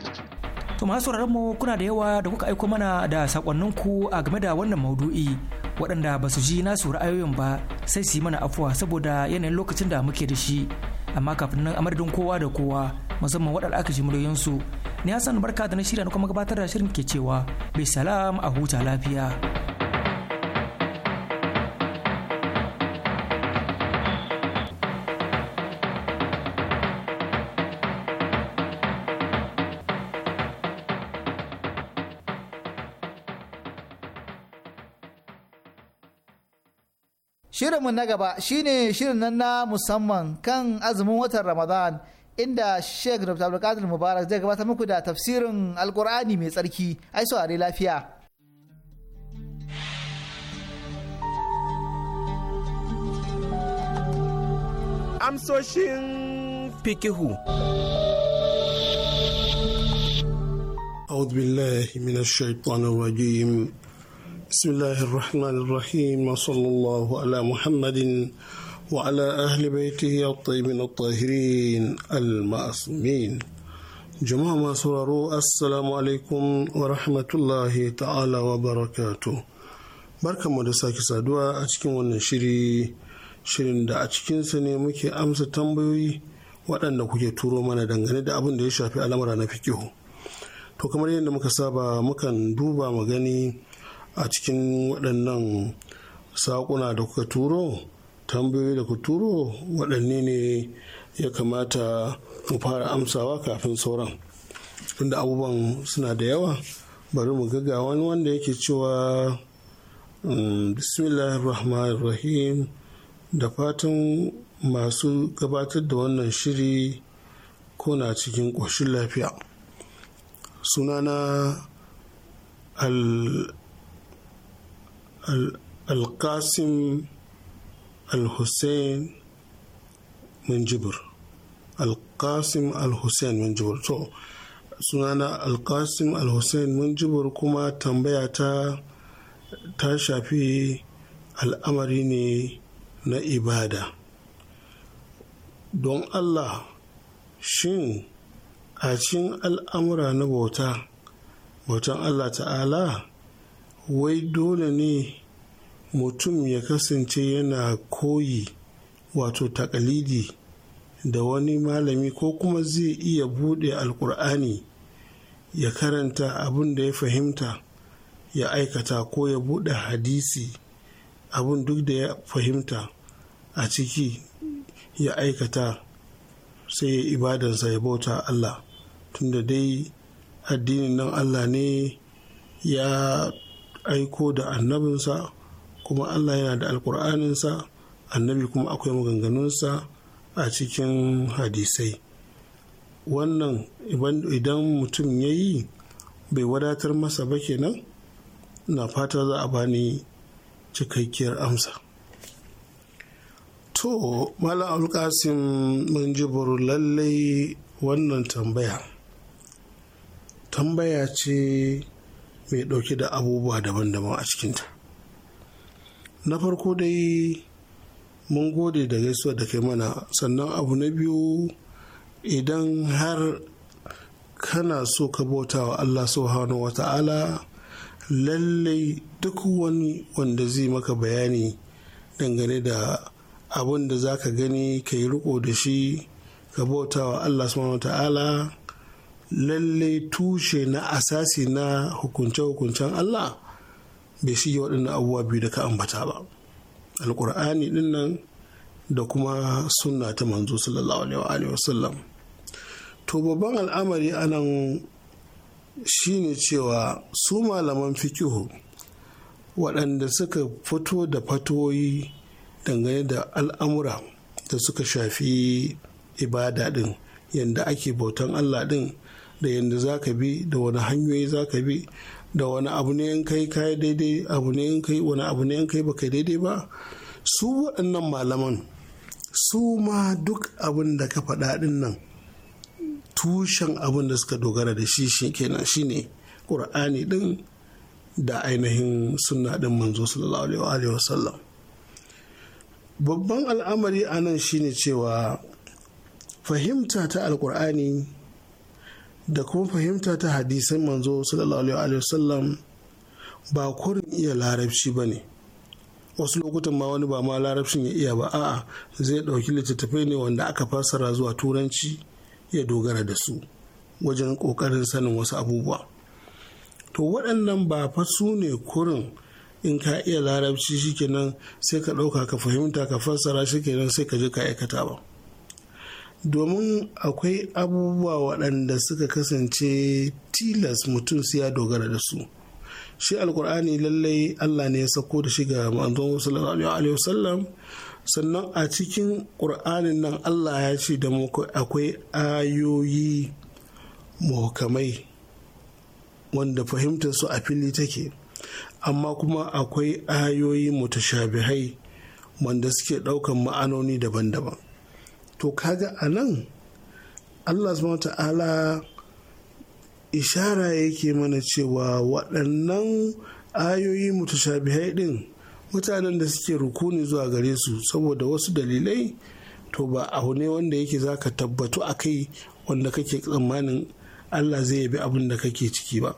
to masu mu kuna da yawa da kuka aiko mana da ku a game da wannan maudu'i waɗanda ba su ji nasu ra'ayoyin ba sai su yi mana afuwa saboda yanayin lokacin da muke da shi amma kafin nan a kowa da kowa musamman waɗanda aka ji muryoyinsu ni hassan barka da na shirya na kuma gabatar da shirin ke cewa bai salam a huta lafiya Shirinmu na gaba shine shirin nan na musamman kan azumin watan Ramadan inda Sheikh Dr. Abdulkadir Mubarak zai gabatar muku da tafsirin Alkur'ani mai tsarki. Ai saurare lafiya. Amsoshin fikihu. أعوذ بالله من الشيطان الرجيم بسم الله الرحمن الرحيم وصلى الله على محمد وعلى أهل بيته الطيبين الطاهرين المعصومين جماعة ما سورارو السلام عليكم ورحمة الله تعالى وبركاته barka mu da sake saduwa a cikin wannan shiri shirin da a cikinsa ne muke amsa tambayoyi waɗanda kuke turo mana dangane da abin da ya shafi al'amura na fikihu to kamar yadda muka saba mukan duba mu gani a cikin waɗannan saƙuna da kuka turo tambayoyi da kuturo waɗanne ne ya kamata mu fara amsawa kafin sauran tunda abubuwan suna da yawa bari mu gaga wani wanda yake cewa mm, bismillahirrahmanirrahim da fatan masu gabatar da wannan shiri na cikin ƙoshin lafiya sunana al-qasim al qasim alƙasim hussein minjibir al to sunana kuma tambaya ta ta shafi al'amari ne na ibada don allah shin a cikin al'amura na bauta bautan allah ta'ala wai dole ne mutum ya kasance yana koyi wato takalidi da wani malami ko kuma zai iya bude alkur'ani ya karanta abin da ya fahimta ya aikata ko ya bude hadisi abin duk da ya fahimta a ciki ya aikata sai ya ibadansa ya bauta Allah tunda dai addinin nan Allah ne ya aiko da annabinsa kuma Allah yana da alkur'aninsa annabi kuma akwai maganganunsa a cikin hadisai wannan idan mutum ya yi bai wadatar masa ba kenan na fata za a bani cikakkiyar amsa to malam alƙasim mun ji lallai wannan tambaya tambaya ce mai ɗauke da abubuwa daban-daban a cikinta na farko dai mun gode da gaisuwa da kai mana sannan abu na biyu idan har kana so ka bauta wa allah subhanahu wa ta'ala lallai duk wani wanda zai maka bayani dangane da abin da za ka gani ka yi riko da shi ka bauta wa allah subhanahu wa ta'ala lallai tushe na asasi na hukunce-hukuncen allah bai shige waɗannan abubuwa biyu da ka ambata ba alkur'ani din nan da kuma sunna ta manzo sallallahu alaihi wa wasallam to babban al'amari anan shine cewa su malaman fikihu waɗanda suka fito da fatoyi dangane da al'amura da suka shafi ibada din yadda ake bautan Allah din da yadda za ka bi da wani hanyoyi za ka bi da wani abu ne in kai kai daidai abu ne in kai wani abu ne in kai baka daidai ba su waɗannan malaman su ma duk abin da ka faɗa ɗin nan tushen abin da suka dogara da shi shi kenan shine ƙur'ani ɗin da ainihin sunna ɗin manzo sallallahu alaihi wasallam babban al'amari a nan shine cewa fahimta ta alƙur'ani da kuma fahimta ta hadisan manzo sallallahu alaihi wasallam ba kurin iya larabci ba ne wasu lokutan ma wani ba ma larabcin ya iya ba a'a zai ɗauki littattafai ne wanda aka fassara zuwa turanci ya dogara da su wajen ƙoƙarin sanin wasu abubuwa to waɗannan ba fa su ne kurin in ka iya larabci shikenan sai ka ɗauka ka fahimta ka fassara shikenan sai ka je ka aikata ba domin akwai abubuwa waɗanda suka kasance tilas mutum su ya dogara da su shi alkur'ani lallai allah ne ya sako da shi ga manzon sallallahu alaihi wasallam sannan a cikin ƙur'anin nan allah ya ce da akwai ayoyi muhukamai wanda fahimtar su a fili take amma kuma akwai ayoyi mutashabihai wanda suke ɗaukan ma'anoni daban-daban to kaga a nan allah subhanahu ta'ala ishara yake mana cewa waɗannan ayoyi mutashabihai ɗin mutanen da suke rukuni zuwa gare su saboda wasu dalilai to ba abu ne wanda yake za ka tabbatu a kai wanda kake tsammanin allah zai yabi abin da kake ciki ba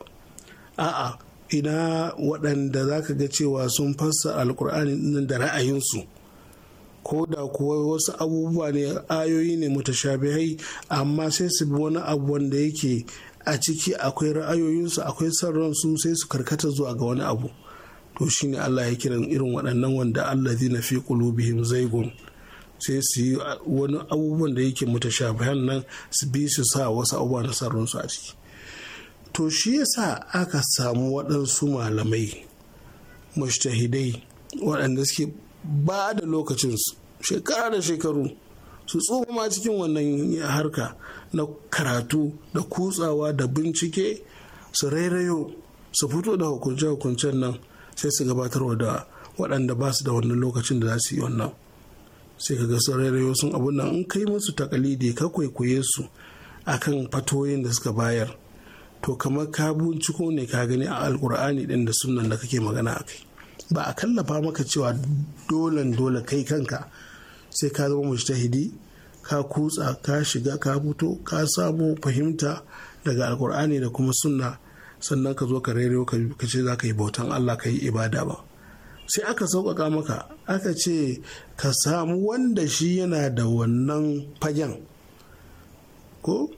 a'a ina waɗanda za ka ga cewa sun fassa alkur'ani da ra'ayinsu ko da kuwa wasu abubuwa ne ayoyi ne mutashabihai amma sai su bi wani abu wanda yake a ciki akwai ra'ayoyinsu akwai son su sai su karkata zuwa ga wani abu to shine Allah ya kiran irin waɗannan wanda Allah zina fi qulubihim zaigun sai su yi wani abubuwan da yake mutashabihan nan su bi su sa wasu abubuwa na son su a ciki to shi yasa aka samu waɗansu malamai mushtahidai waɗanda suke ba da lokacinsu shekara da shekaru su tsoma cikin wannan harka na karatu da kutsawa da bincike su rairayo su fito da hukunce-hukuncen nan sai su gabatarwa da waɗanda ba su da wannan lokacin da za su yi wannan sai ka ga sun rairayo sun abun nan in kai musu takalidi ka kwaikwaye su akan fatoyin da suka bayar to kamar ka binciko ne ka gani a alkur'ani ɗin da sunan da kake magana a kai ba a kallafa maka cewa dolan dole kai kanka sai ka zama mujtahidi ka kutsa ka shiga ka fito ka samu fahimta daga alkur'ani da kuma sunna sannan ka zo ka rairo ka ce za ka yi bautan allah ka yi ibada ba sai aka sauƙaƙa maka aka ce ka samu wanda shi yana da wannan fagen ko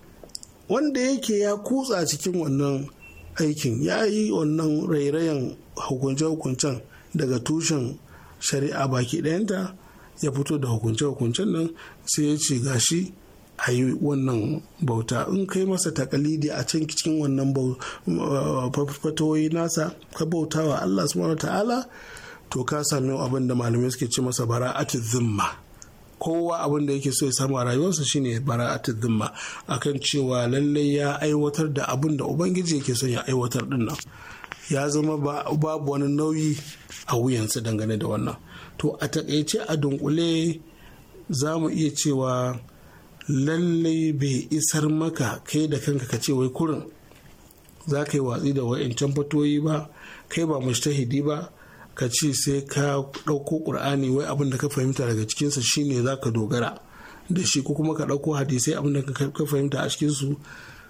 wanda yake ya kutsa cikin wannan aikin ya yi wannan rairayen hukunce-hukuncen daga tushen shari'a baki ɗayanta ya fito da hukunce-hukuncen nan sai ya ce gashi a yi wannan bauta in kai masa takalidi a can cikin wannan fatoyi nasa ka bauta wa Allah subhanahu ta'ala to ka sami abin da malamai suke ce masa bara a zimma kowa abin da yake so ya samu a rayuwarsa shine bara a zimma akan cewa lallai ya aiwatar da abin da ubangiji yake son ya aiwatar din ya zama babu wani nauyi a wuyansu dangane da wannan to a takaice a dunkule za mu iya cewa lallai bai isar maka kai da kanka ka ce wai kurin za ka yi watsi da wa'yancan fatoyi ba kai ba mushtahidi ba ka ce sai ka ɗauko ƙur'ani wai abin da ka fahimta daga cikinsa shine za ka dogara da shi ko kuma ka ɗauko hadisai abin da ka fahimta a cikinsu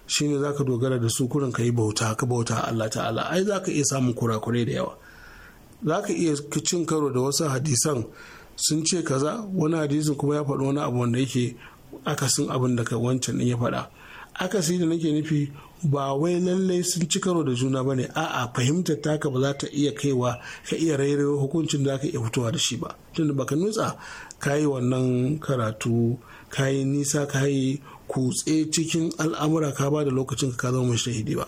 shine ka dogara da su kurin ka yi bauta ka bauta Allah ta'ala ai zaka iya samun kurakurai da yawa Za ka iya cin karo da wasu hadisan sun ce kaza wani hadisin kuma ya faɗi wani abu wanda yake akasin abin da ka wancan ya faɗa akasi da nake nufi ba wai lallai sun ci karo da juna bane a'a fahimtar taka ba za ta iya kaiwa ka iya rairayo hukuncin da ka iya fitowa da shi ba tunda baka nutsa kayi wannan karatu kayi nisa kayi kutse cikin al'amura ka ba da lokacin ka zama mashahidi ba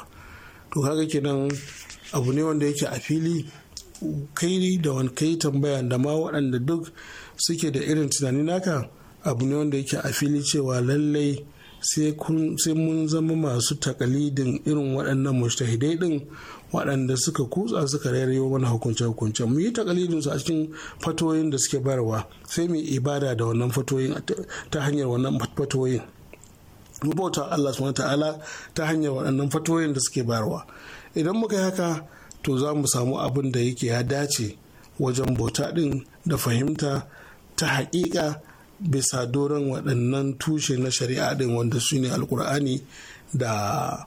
to kaga kenan abu ne wanda yake a fili kai da wani kai tambaya da ma waɗanda duk suke da irin tunani naka abu ne wanda yake a fili cewa lallai sai mun zama masu takalidin irin waɗannan mashahidai din waɗanda suka kutsa suka rairayo mana hukunce hukunce mu yi takalidin su a cikin fatoyin da suke barwa sai mu ibada da wannan fatoyin ta hanyar wannan fatoyin bauta Allah subhanahu ta'ala ta hanyar waɗannan fatoyin da suke bayarwa idan muka yi haka to za mu samu abin da yake ya dace wajen bauta ɗin da fahimta ta haƙiƙa bisa doron waɗannan tushe na shari'a ɗin wanda su ne alkur'ani da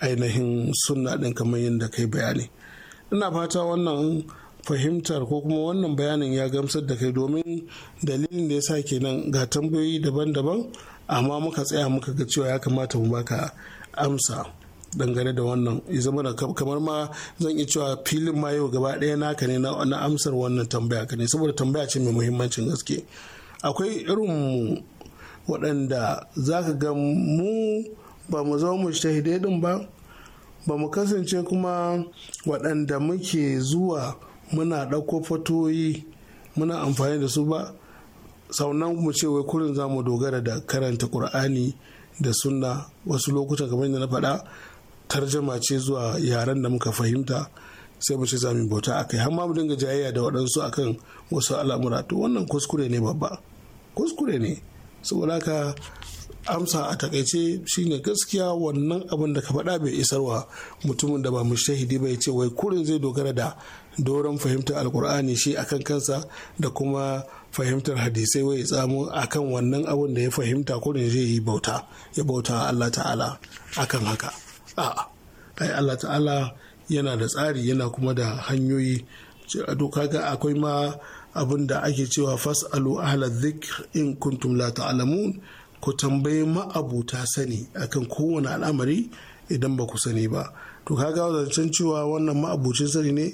ainihin sunna ɗin kamar yadda kai bayani ina fata wannan fahimtar ko kuma wannan bayanin ya gamsar da kai domin dalilin da ya sa kenan ga tambayoyi daban-daban amma muka tsaya muka ga cewa ya kamata mu baka amsa dangane da wannan ya zama da kamar ma zan iya cewa filin ma yau gaba ɗaya naka ne na amsar wannan tambaya ka ne saboda tambaya ce mai muhimmancin gaske akwai irin mu waɗanda za ka ga mu ba mu zama mu shahidai din ba ba mu kasance kuma waɗanda muke zuwa muna ɗauko fatoyi muna amfani da su ba saunan mu ce wai kurin za mu dogara da karanta ƙur'ani da sunna wasu lokutan kamar yadda na faɗa tarjama ce zuwa yaren da muka fahimta sai mu ce za mu bauta a kai ma mu dinga jayayya da waɗansu akan wasu al'amura to wannan kuskure ne babba kuskure ne saboda haka amsa a takaice shine gaskiya wannan abin da ka faɗa bai isarwa mutumin da ba mu ba ya ce wai kurin zai dogara da doron fahimtar alkur'ani shi akan kansa da kuma fahimtar hadisai wai tsamo akan wannan abin da ya fahimta kurin zai yi bauta ya bauta Allah ta'ala akan haka a ai Allah ta'ala yana da tsari yana kuma da hanyoyi a doka kaga akwai ma abin da ake cewa fas'alu ahla dhikr in kuntum la ta'lamun ku tambayi ma'abuta sani akan kowane al'amari idan ba ku sani ba to kaga zancen cewa wannan ma'abucin sani ne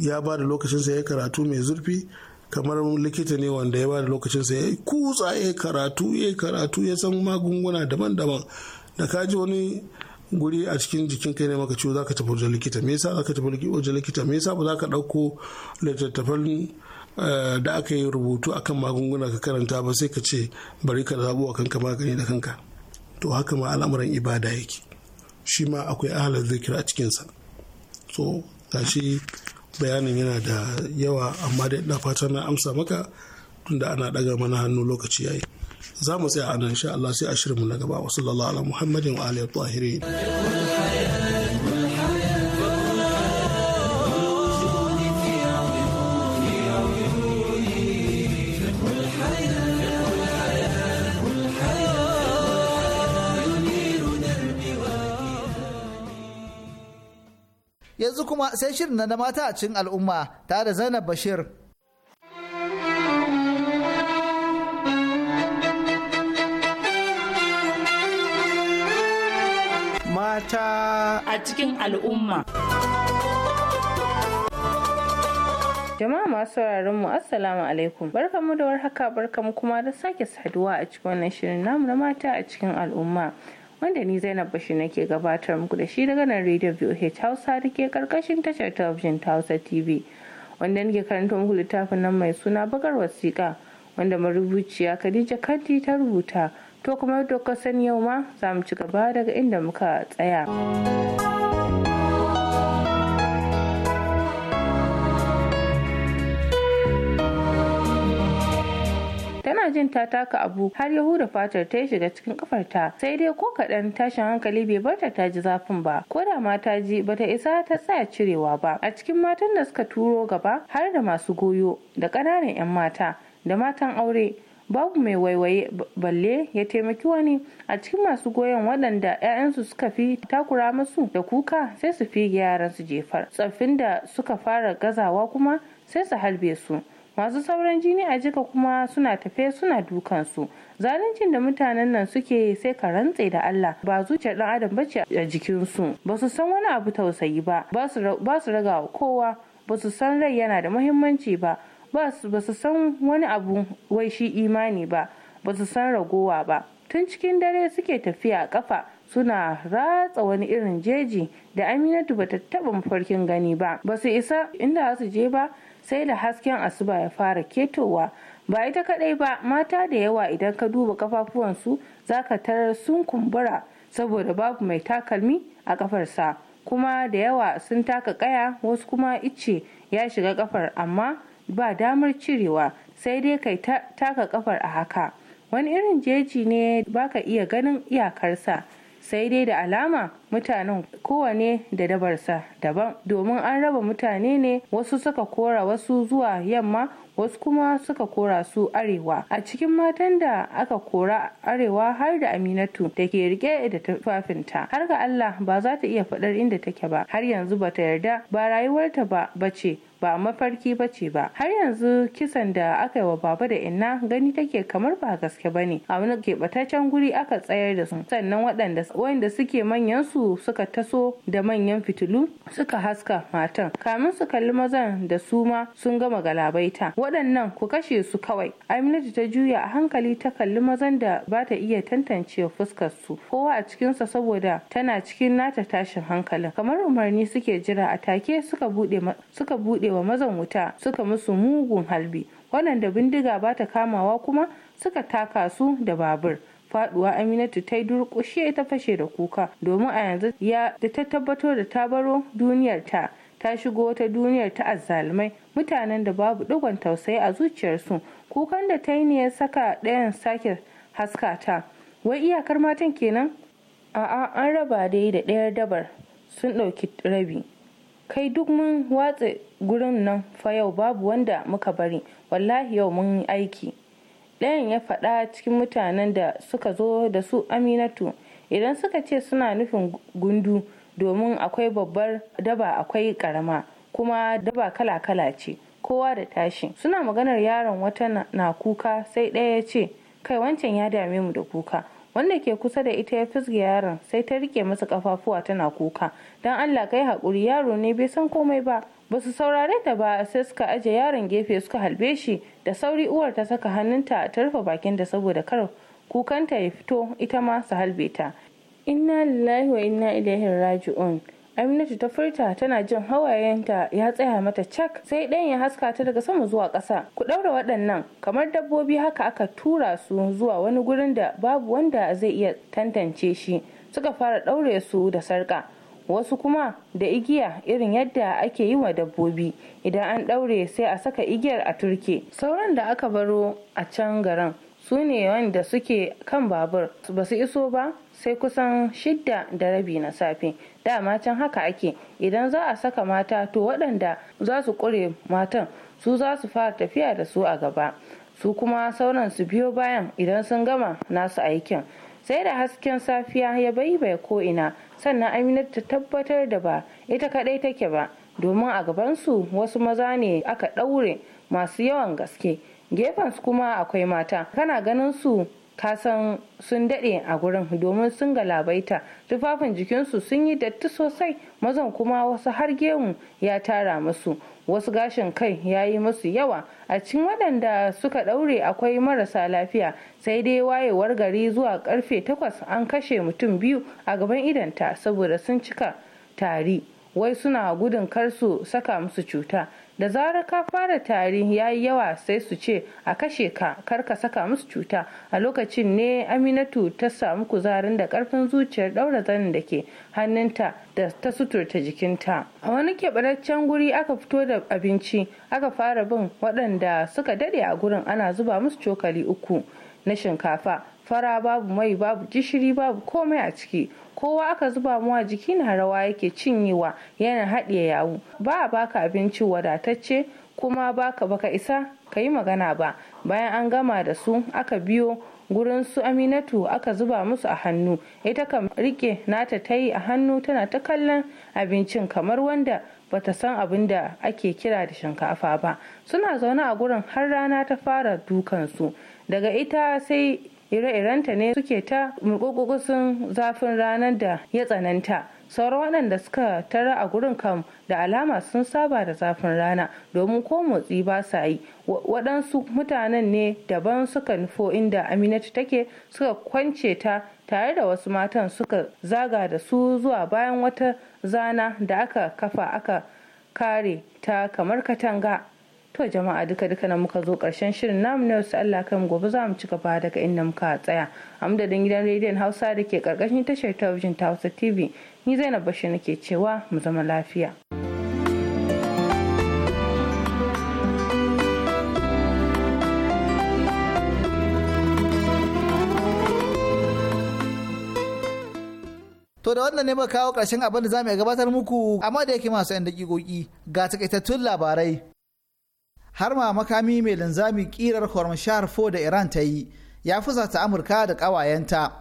ya ba da lokacinsa ya karatu mai zurfi kamar likita ne wanda ya ba da lokacinsa ya kutsa ya karatu ya karatu ya san magunguna daban-daban da kaji wani guri a cikin jikin kai ne maka ciwo za ka tafi wajen likita me yasa ka tafi wajen likita me yasa ba za ka ɗauko littattafan Eh, da aka yi rubutu kan magunguna ka karanta ba sai ka ce bari ka zabo a kanka magani da kanka to haka ma al'amuran ibada yake shi ma akwai ahalar zikir a cikinsa so shi bayanin yana da yawa amma da ya fata na amsa maka tunda ana daga mana hannu lokaci yayi za mu tsaya a nan Allah sai a shirin mu na gaba wa sallallahu muhammadin wa alihi tahirin yanzu kuma sai shirin na mata a cikin al'umma ta da zainab bashir mata a cikin al'umma. Jama'a masu sauraron mu Assalamu alaikum. Barkamu da warhaka barkamu kuma da sake saduwa a cikin wannan shirin namu na mata a cikin al'umma. wanda ni zainab na nake gabatar muku da shi daga nan radio voh hausa da ke karkashin tashar talabijin ta hausa tv wanda nake karanta muku littafin nan mai suna bagar wasiƙa wanda marubuciya khadija kanti ta rubuta to kuma yadda sani yau ma za mu ci gaba daga inda muka tsaya. tana jin ta taka abu har ya hura fatar ta shiga cikin kafarta sai dai ko kaɗan tashin hankali bai barta ta ji zafin ba ko da ma ta ji bata isa ta tsaya cirewa ba a cikin matan da suka turo gaba har da masu goyo da ƙananan 'yan mata da matan aure babu mai waiwaye balle ya taimaki wani a cikin masu goyon waɗanda 'ya'yansu suka fi takura masu da kuka sai su fi yaran su jefar tsaffin da suka fara gazawa kuma sai su halbe su masu sauran jini a jika kuma suna tafe suna dukansu zaluncin da mutanen nan suke sai ka rantse da Allah ba zuciyar dan adam bace a jikin su. ba su san wani abu tausayi ba ba su raga kowa ba su san rai yana da muhimmanci ba ba su san wani abu wai shi imani ba ba su san ragowa ba tun cikin dare suke tafiya kafa suna ratsa wani irin jeji da aminatu ba ta taba mafarkin gani ba ba su isa inda za su je ba sai da hasken asuba ya fara ketowa ba ita kadai ba mata da yawa idan ka duba kafafuwansu za ka tarar sun kumbura saboda babu mai takalmi a kafarsa kuma da yawa sun taka kaya wasu kuma icce ya shiga kafar amma ba damar cirewa sai dai kai taka kafar a haka wani irin jeji ne baka iya ganin iyakarsa sai dai da alama mutanen kowane da dabarsa daban domin an raba mutane ne wasu suka kora wasu zuwa yamma wasu kuma suka kora su arewa a cikin matan da aka kora arewa har da aminatu da ke rike da tufafinta har ga allah ba za ta iya faɗar inda take ba har yanzu ba ta yarda ba rayuwarta ba bace ba mafarki ba ce ba har yanzu kisan da aka yi wa baba da inna gani take kamar ba gaske ba ne a wani keɓataccen guri aka tsayar da su sannan waɗanda wanda suke manyan su suka taso da manyan fitilu suka haska matan kamin su kalli mazan da su ma sun gama galabaita waɗannan ku kashe su kawai aminatu ta juya a hankali ta kalli mazan da ba ta iya tantance fuskar su kowa a cikinsa saboda tana cikin nata tashin hankalin kamar umarni suke jira a take suka buɗe suka buɗe wa mazan wuta suka musu mugun halbi waɗanda bindiga ba ta kamawa kuma suka taka su da babur faduwa aminatu ta yi durƙushe ta fashe da kuka domin a yanzu ya da ta tabbatar da ta baro duniyar ta ta shigo wata duniyar ta azzalumai mutanen da babu digon tausayi a zuciyarsu kukan da ta yi ne ya saka ɗayan sake haska ta wai iyakar matan kenan a'a an raba dai da ɗayar dabar sun ɗauki rabi kai duk mun watse gurin nan fa yau babu wanda muka bari wallahi yau mun yi aiki ɗayan ya faɗa cikin mutanen da suka zo da su aminatu idan suka ce suna nufin gundu domin akwai babbar daba akwai karama kuma daba kala-kala ce kowa da tashi suna maganar yaron wata na kuka sai ɗaya ya ce kai wancan ya dame mu da kuka wanda ke kusa da ita ya fisge yaron sai ta rike masa kafafuwa tana kuka don allah kai haƙuri yaro ne bai san komai ba ba su saurare ta ba sai suka aje yaron gefe suka halbe shi da sauri uwar ta saka hannunta ta rufe bakin da saboda kar kukanta ya fito ita ma su halbe ta inna lillahi wa inna ilaihi raji'un Aminatu ta furta tana jin hawayenta ya tsaya mata cak sai ɗayan ya haska ta daga sama zuwa ƙasa. Ku ɗaura waɗannan kamar dabbobi haka aka tura su zuwa wani gurin da babu wanda zai iya tantance shi. Suka fara ɗaure su da sarƙa. Wasu kuma da igiya irin yadda ake yi wa dabbobi idan an ɗaure sai a saka igiyar a turke. Sauran da aka baro a can garan su ne wanda suke kan babur ba su iso ba sai kusan shidda da rabi na safe dama can haka ake idan za a saka mata to waɗanda za su ƙure matan su za su fara tafiya da su a gaba su kuma sauran su biyo bayan idan sun gama nasu aikin sai da hasken safiya ya ko ko'ina sannan aminat ta tabbatar da ba ita kaɗai take ba domin a gabansu wasu maza ne aka ɗaure masu yawan gaske gefen su kuma akwai mata kana ganin su kasan sun daɗe a gurin domin sun galabaita tufafin jikinsu sun yi datti sosai mazan kuma wasu har gemu ya tara musu wasu gashin kai ya yi musu yawa a cikin waɗanda suka ɗaure akwai marasa lafiya sai dai wayewar gari zuwa karfe takwas an kashe mutum biyu a gaban idanta saboda sun cika tari wai suna gudun kar su saka musu cuta da zarar ka fara tari ya yi yawa sai su ce a kashe ka kar ka saka musu cuta a lokacin ne aminatu ta samu kuzarin da karfin zuciyar daura zanin da ke hannunta da ta suturta jikinta a wani keɓaraccen guri aka fito da abinci aka fara bin waɗanda suka dade a gurin ana zuba musu cokali uku na shinkafa fara babu mai babu gishiri babu komai a ciki kowa aka zuba mu a jiki na rawa yake cinyewa yana haɗiye yawo ba a baka abinci wadatacce kuma baka baka isa ka yi magana ba bayan an gama da su aka biyo gurin su aminatu aka zuba musu a hannu ita kam rike nata ta yi a hannu tana ta kallon abincin kamar wanda bata san abin da ake kira da shinkafa ba suna zaune a gurin har rana ta fara dukansu daga ita sai ire-irenta ne suke ta mukukukusun zafin ranar da ya tsananta sauran waɗanda suka tara a gurin kam da alama sun saba da zafin rana domin ko motsi ba sa yi waɗansu mutanen ne daban suka nufo inda aminatu take suka kwance ta tare da wasu matan suka zaga da su zuwa bayan wata zana da aka kafa aka kare ta kamar katanga to jama'a duka duka na muka zo karshen shirin namu na wasu Allah kan gobe za mu ci gaba daga inda muka tsaya a madadin gidan rediyon Hausa da ke karkashin tashar talabijin ta Hausa TV ni Zainab Bashir nake cewa mu zama lafiya. To da wannan ne ba kawo ƙarshen abin da za mu gabatar muku amma da yake masu 'yan dakikoki ga takaitattun labarai. har ma makami mai linzami kirar hormashar fo da iran ta yi ya fusata amurka da ƙawayenta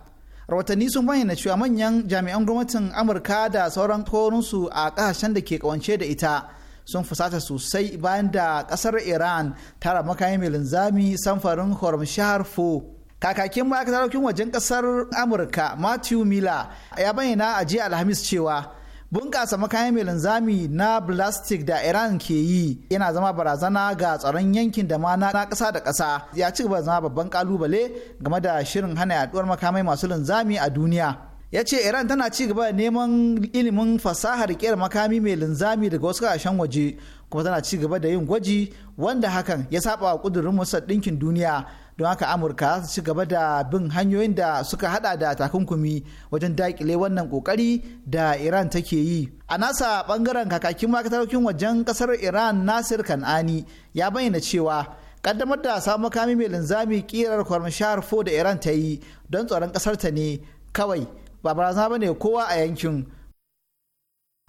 rahotanni sun bayyana cewa manyan jami'an gwamnatin amurka da sauran korinsu a ƙasashen da ke kawance da ita sun fusata sosai bayan da ƙasar iran tara makami mai linzami samfarin hormashar fo kakakin ma'aikatar wajen ƙasar amurka matthew miller ya bayyana a jiya alhamis cewa bunƙasa makayan mai linzami na plastic da iran ke yi yana zama barazana ga tsaron yankin da ma na kasa da kasa ya ci gaba zama babban ƙalubale game da shirin hana yaduwar makamai masu linzami a duniya ya ce iran tana ci gaba da neman ilimin fasahar kera makami mai linzami daga wasu kasashen waje kuma tana ci gaba da yin gwaji wanda hakan ya saba wa kudurin ɗinkin duniya don haka amurka za su ci gaba da bin hanyoyin da suka hada da takunkumi wajen dakile wannan kokari da iran take yi a nasa bangaren kakakin makatarokin wajen kasar iran nasir kan'ani ya bayyana cewa kaddamar da samun makami mai linzami kirar kwarmashar fo da iran ta yi don tsoron kasar ta ne kawai ba barazana ba ne kowa a yankin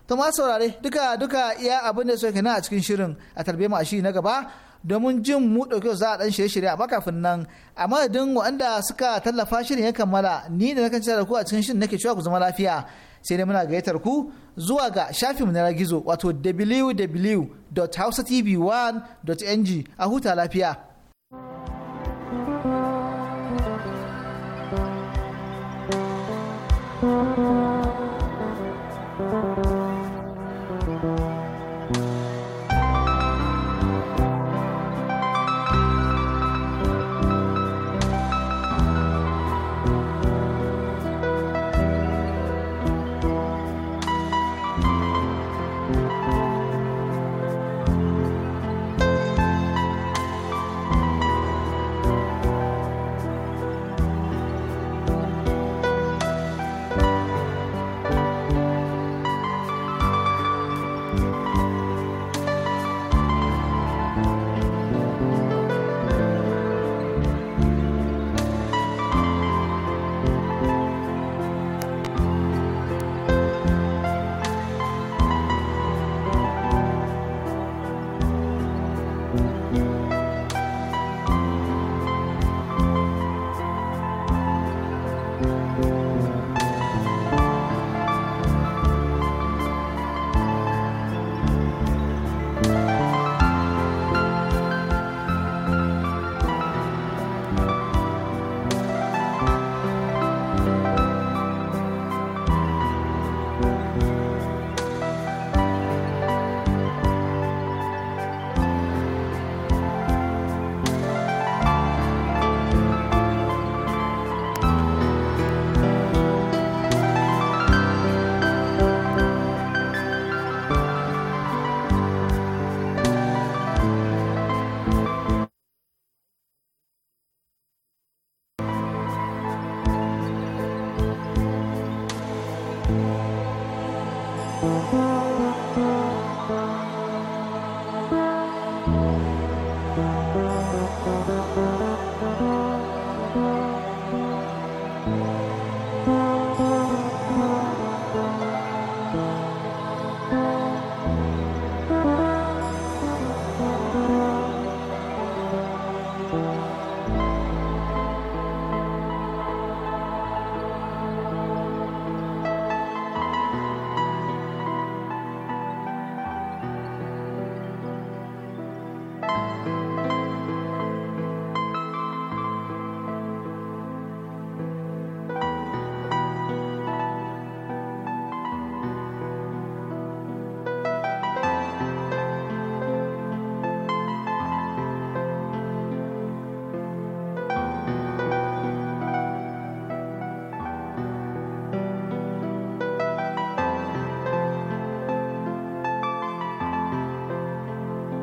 to ma saurare duka duka iya abin da suka kana a cikin shirin a tarbe mu na gaba domin jin mu ɗauke za a ɗan shirye-shirye a makafin nan a madadin wanda suka tallafa shirin ya kammala ni da nakan da ku a cikin shirin nake cewa ku zama lafiya sai dai muna gayyatar ku zuwa ga shafinmu na gizo wato www.hausatv1.ng a huta lafiya. thank you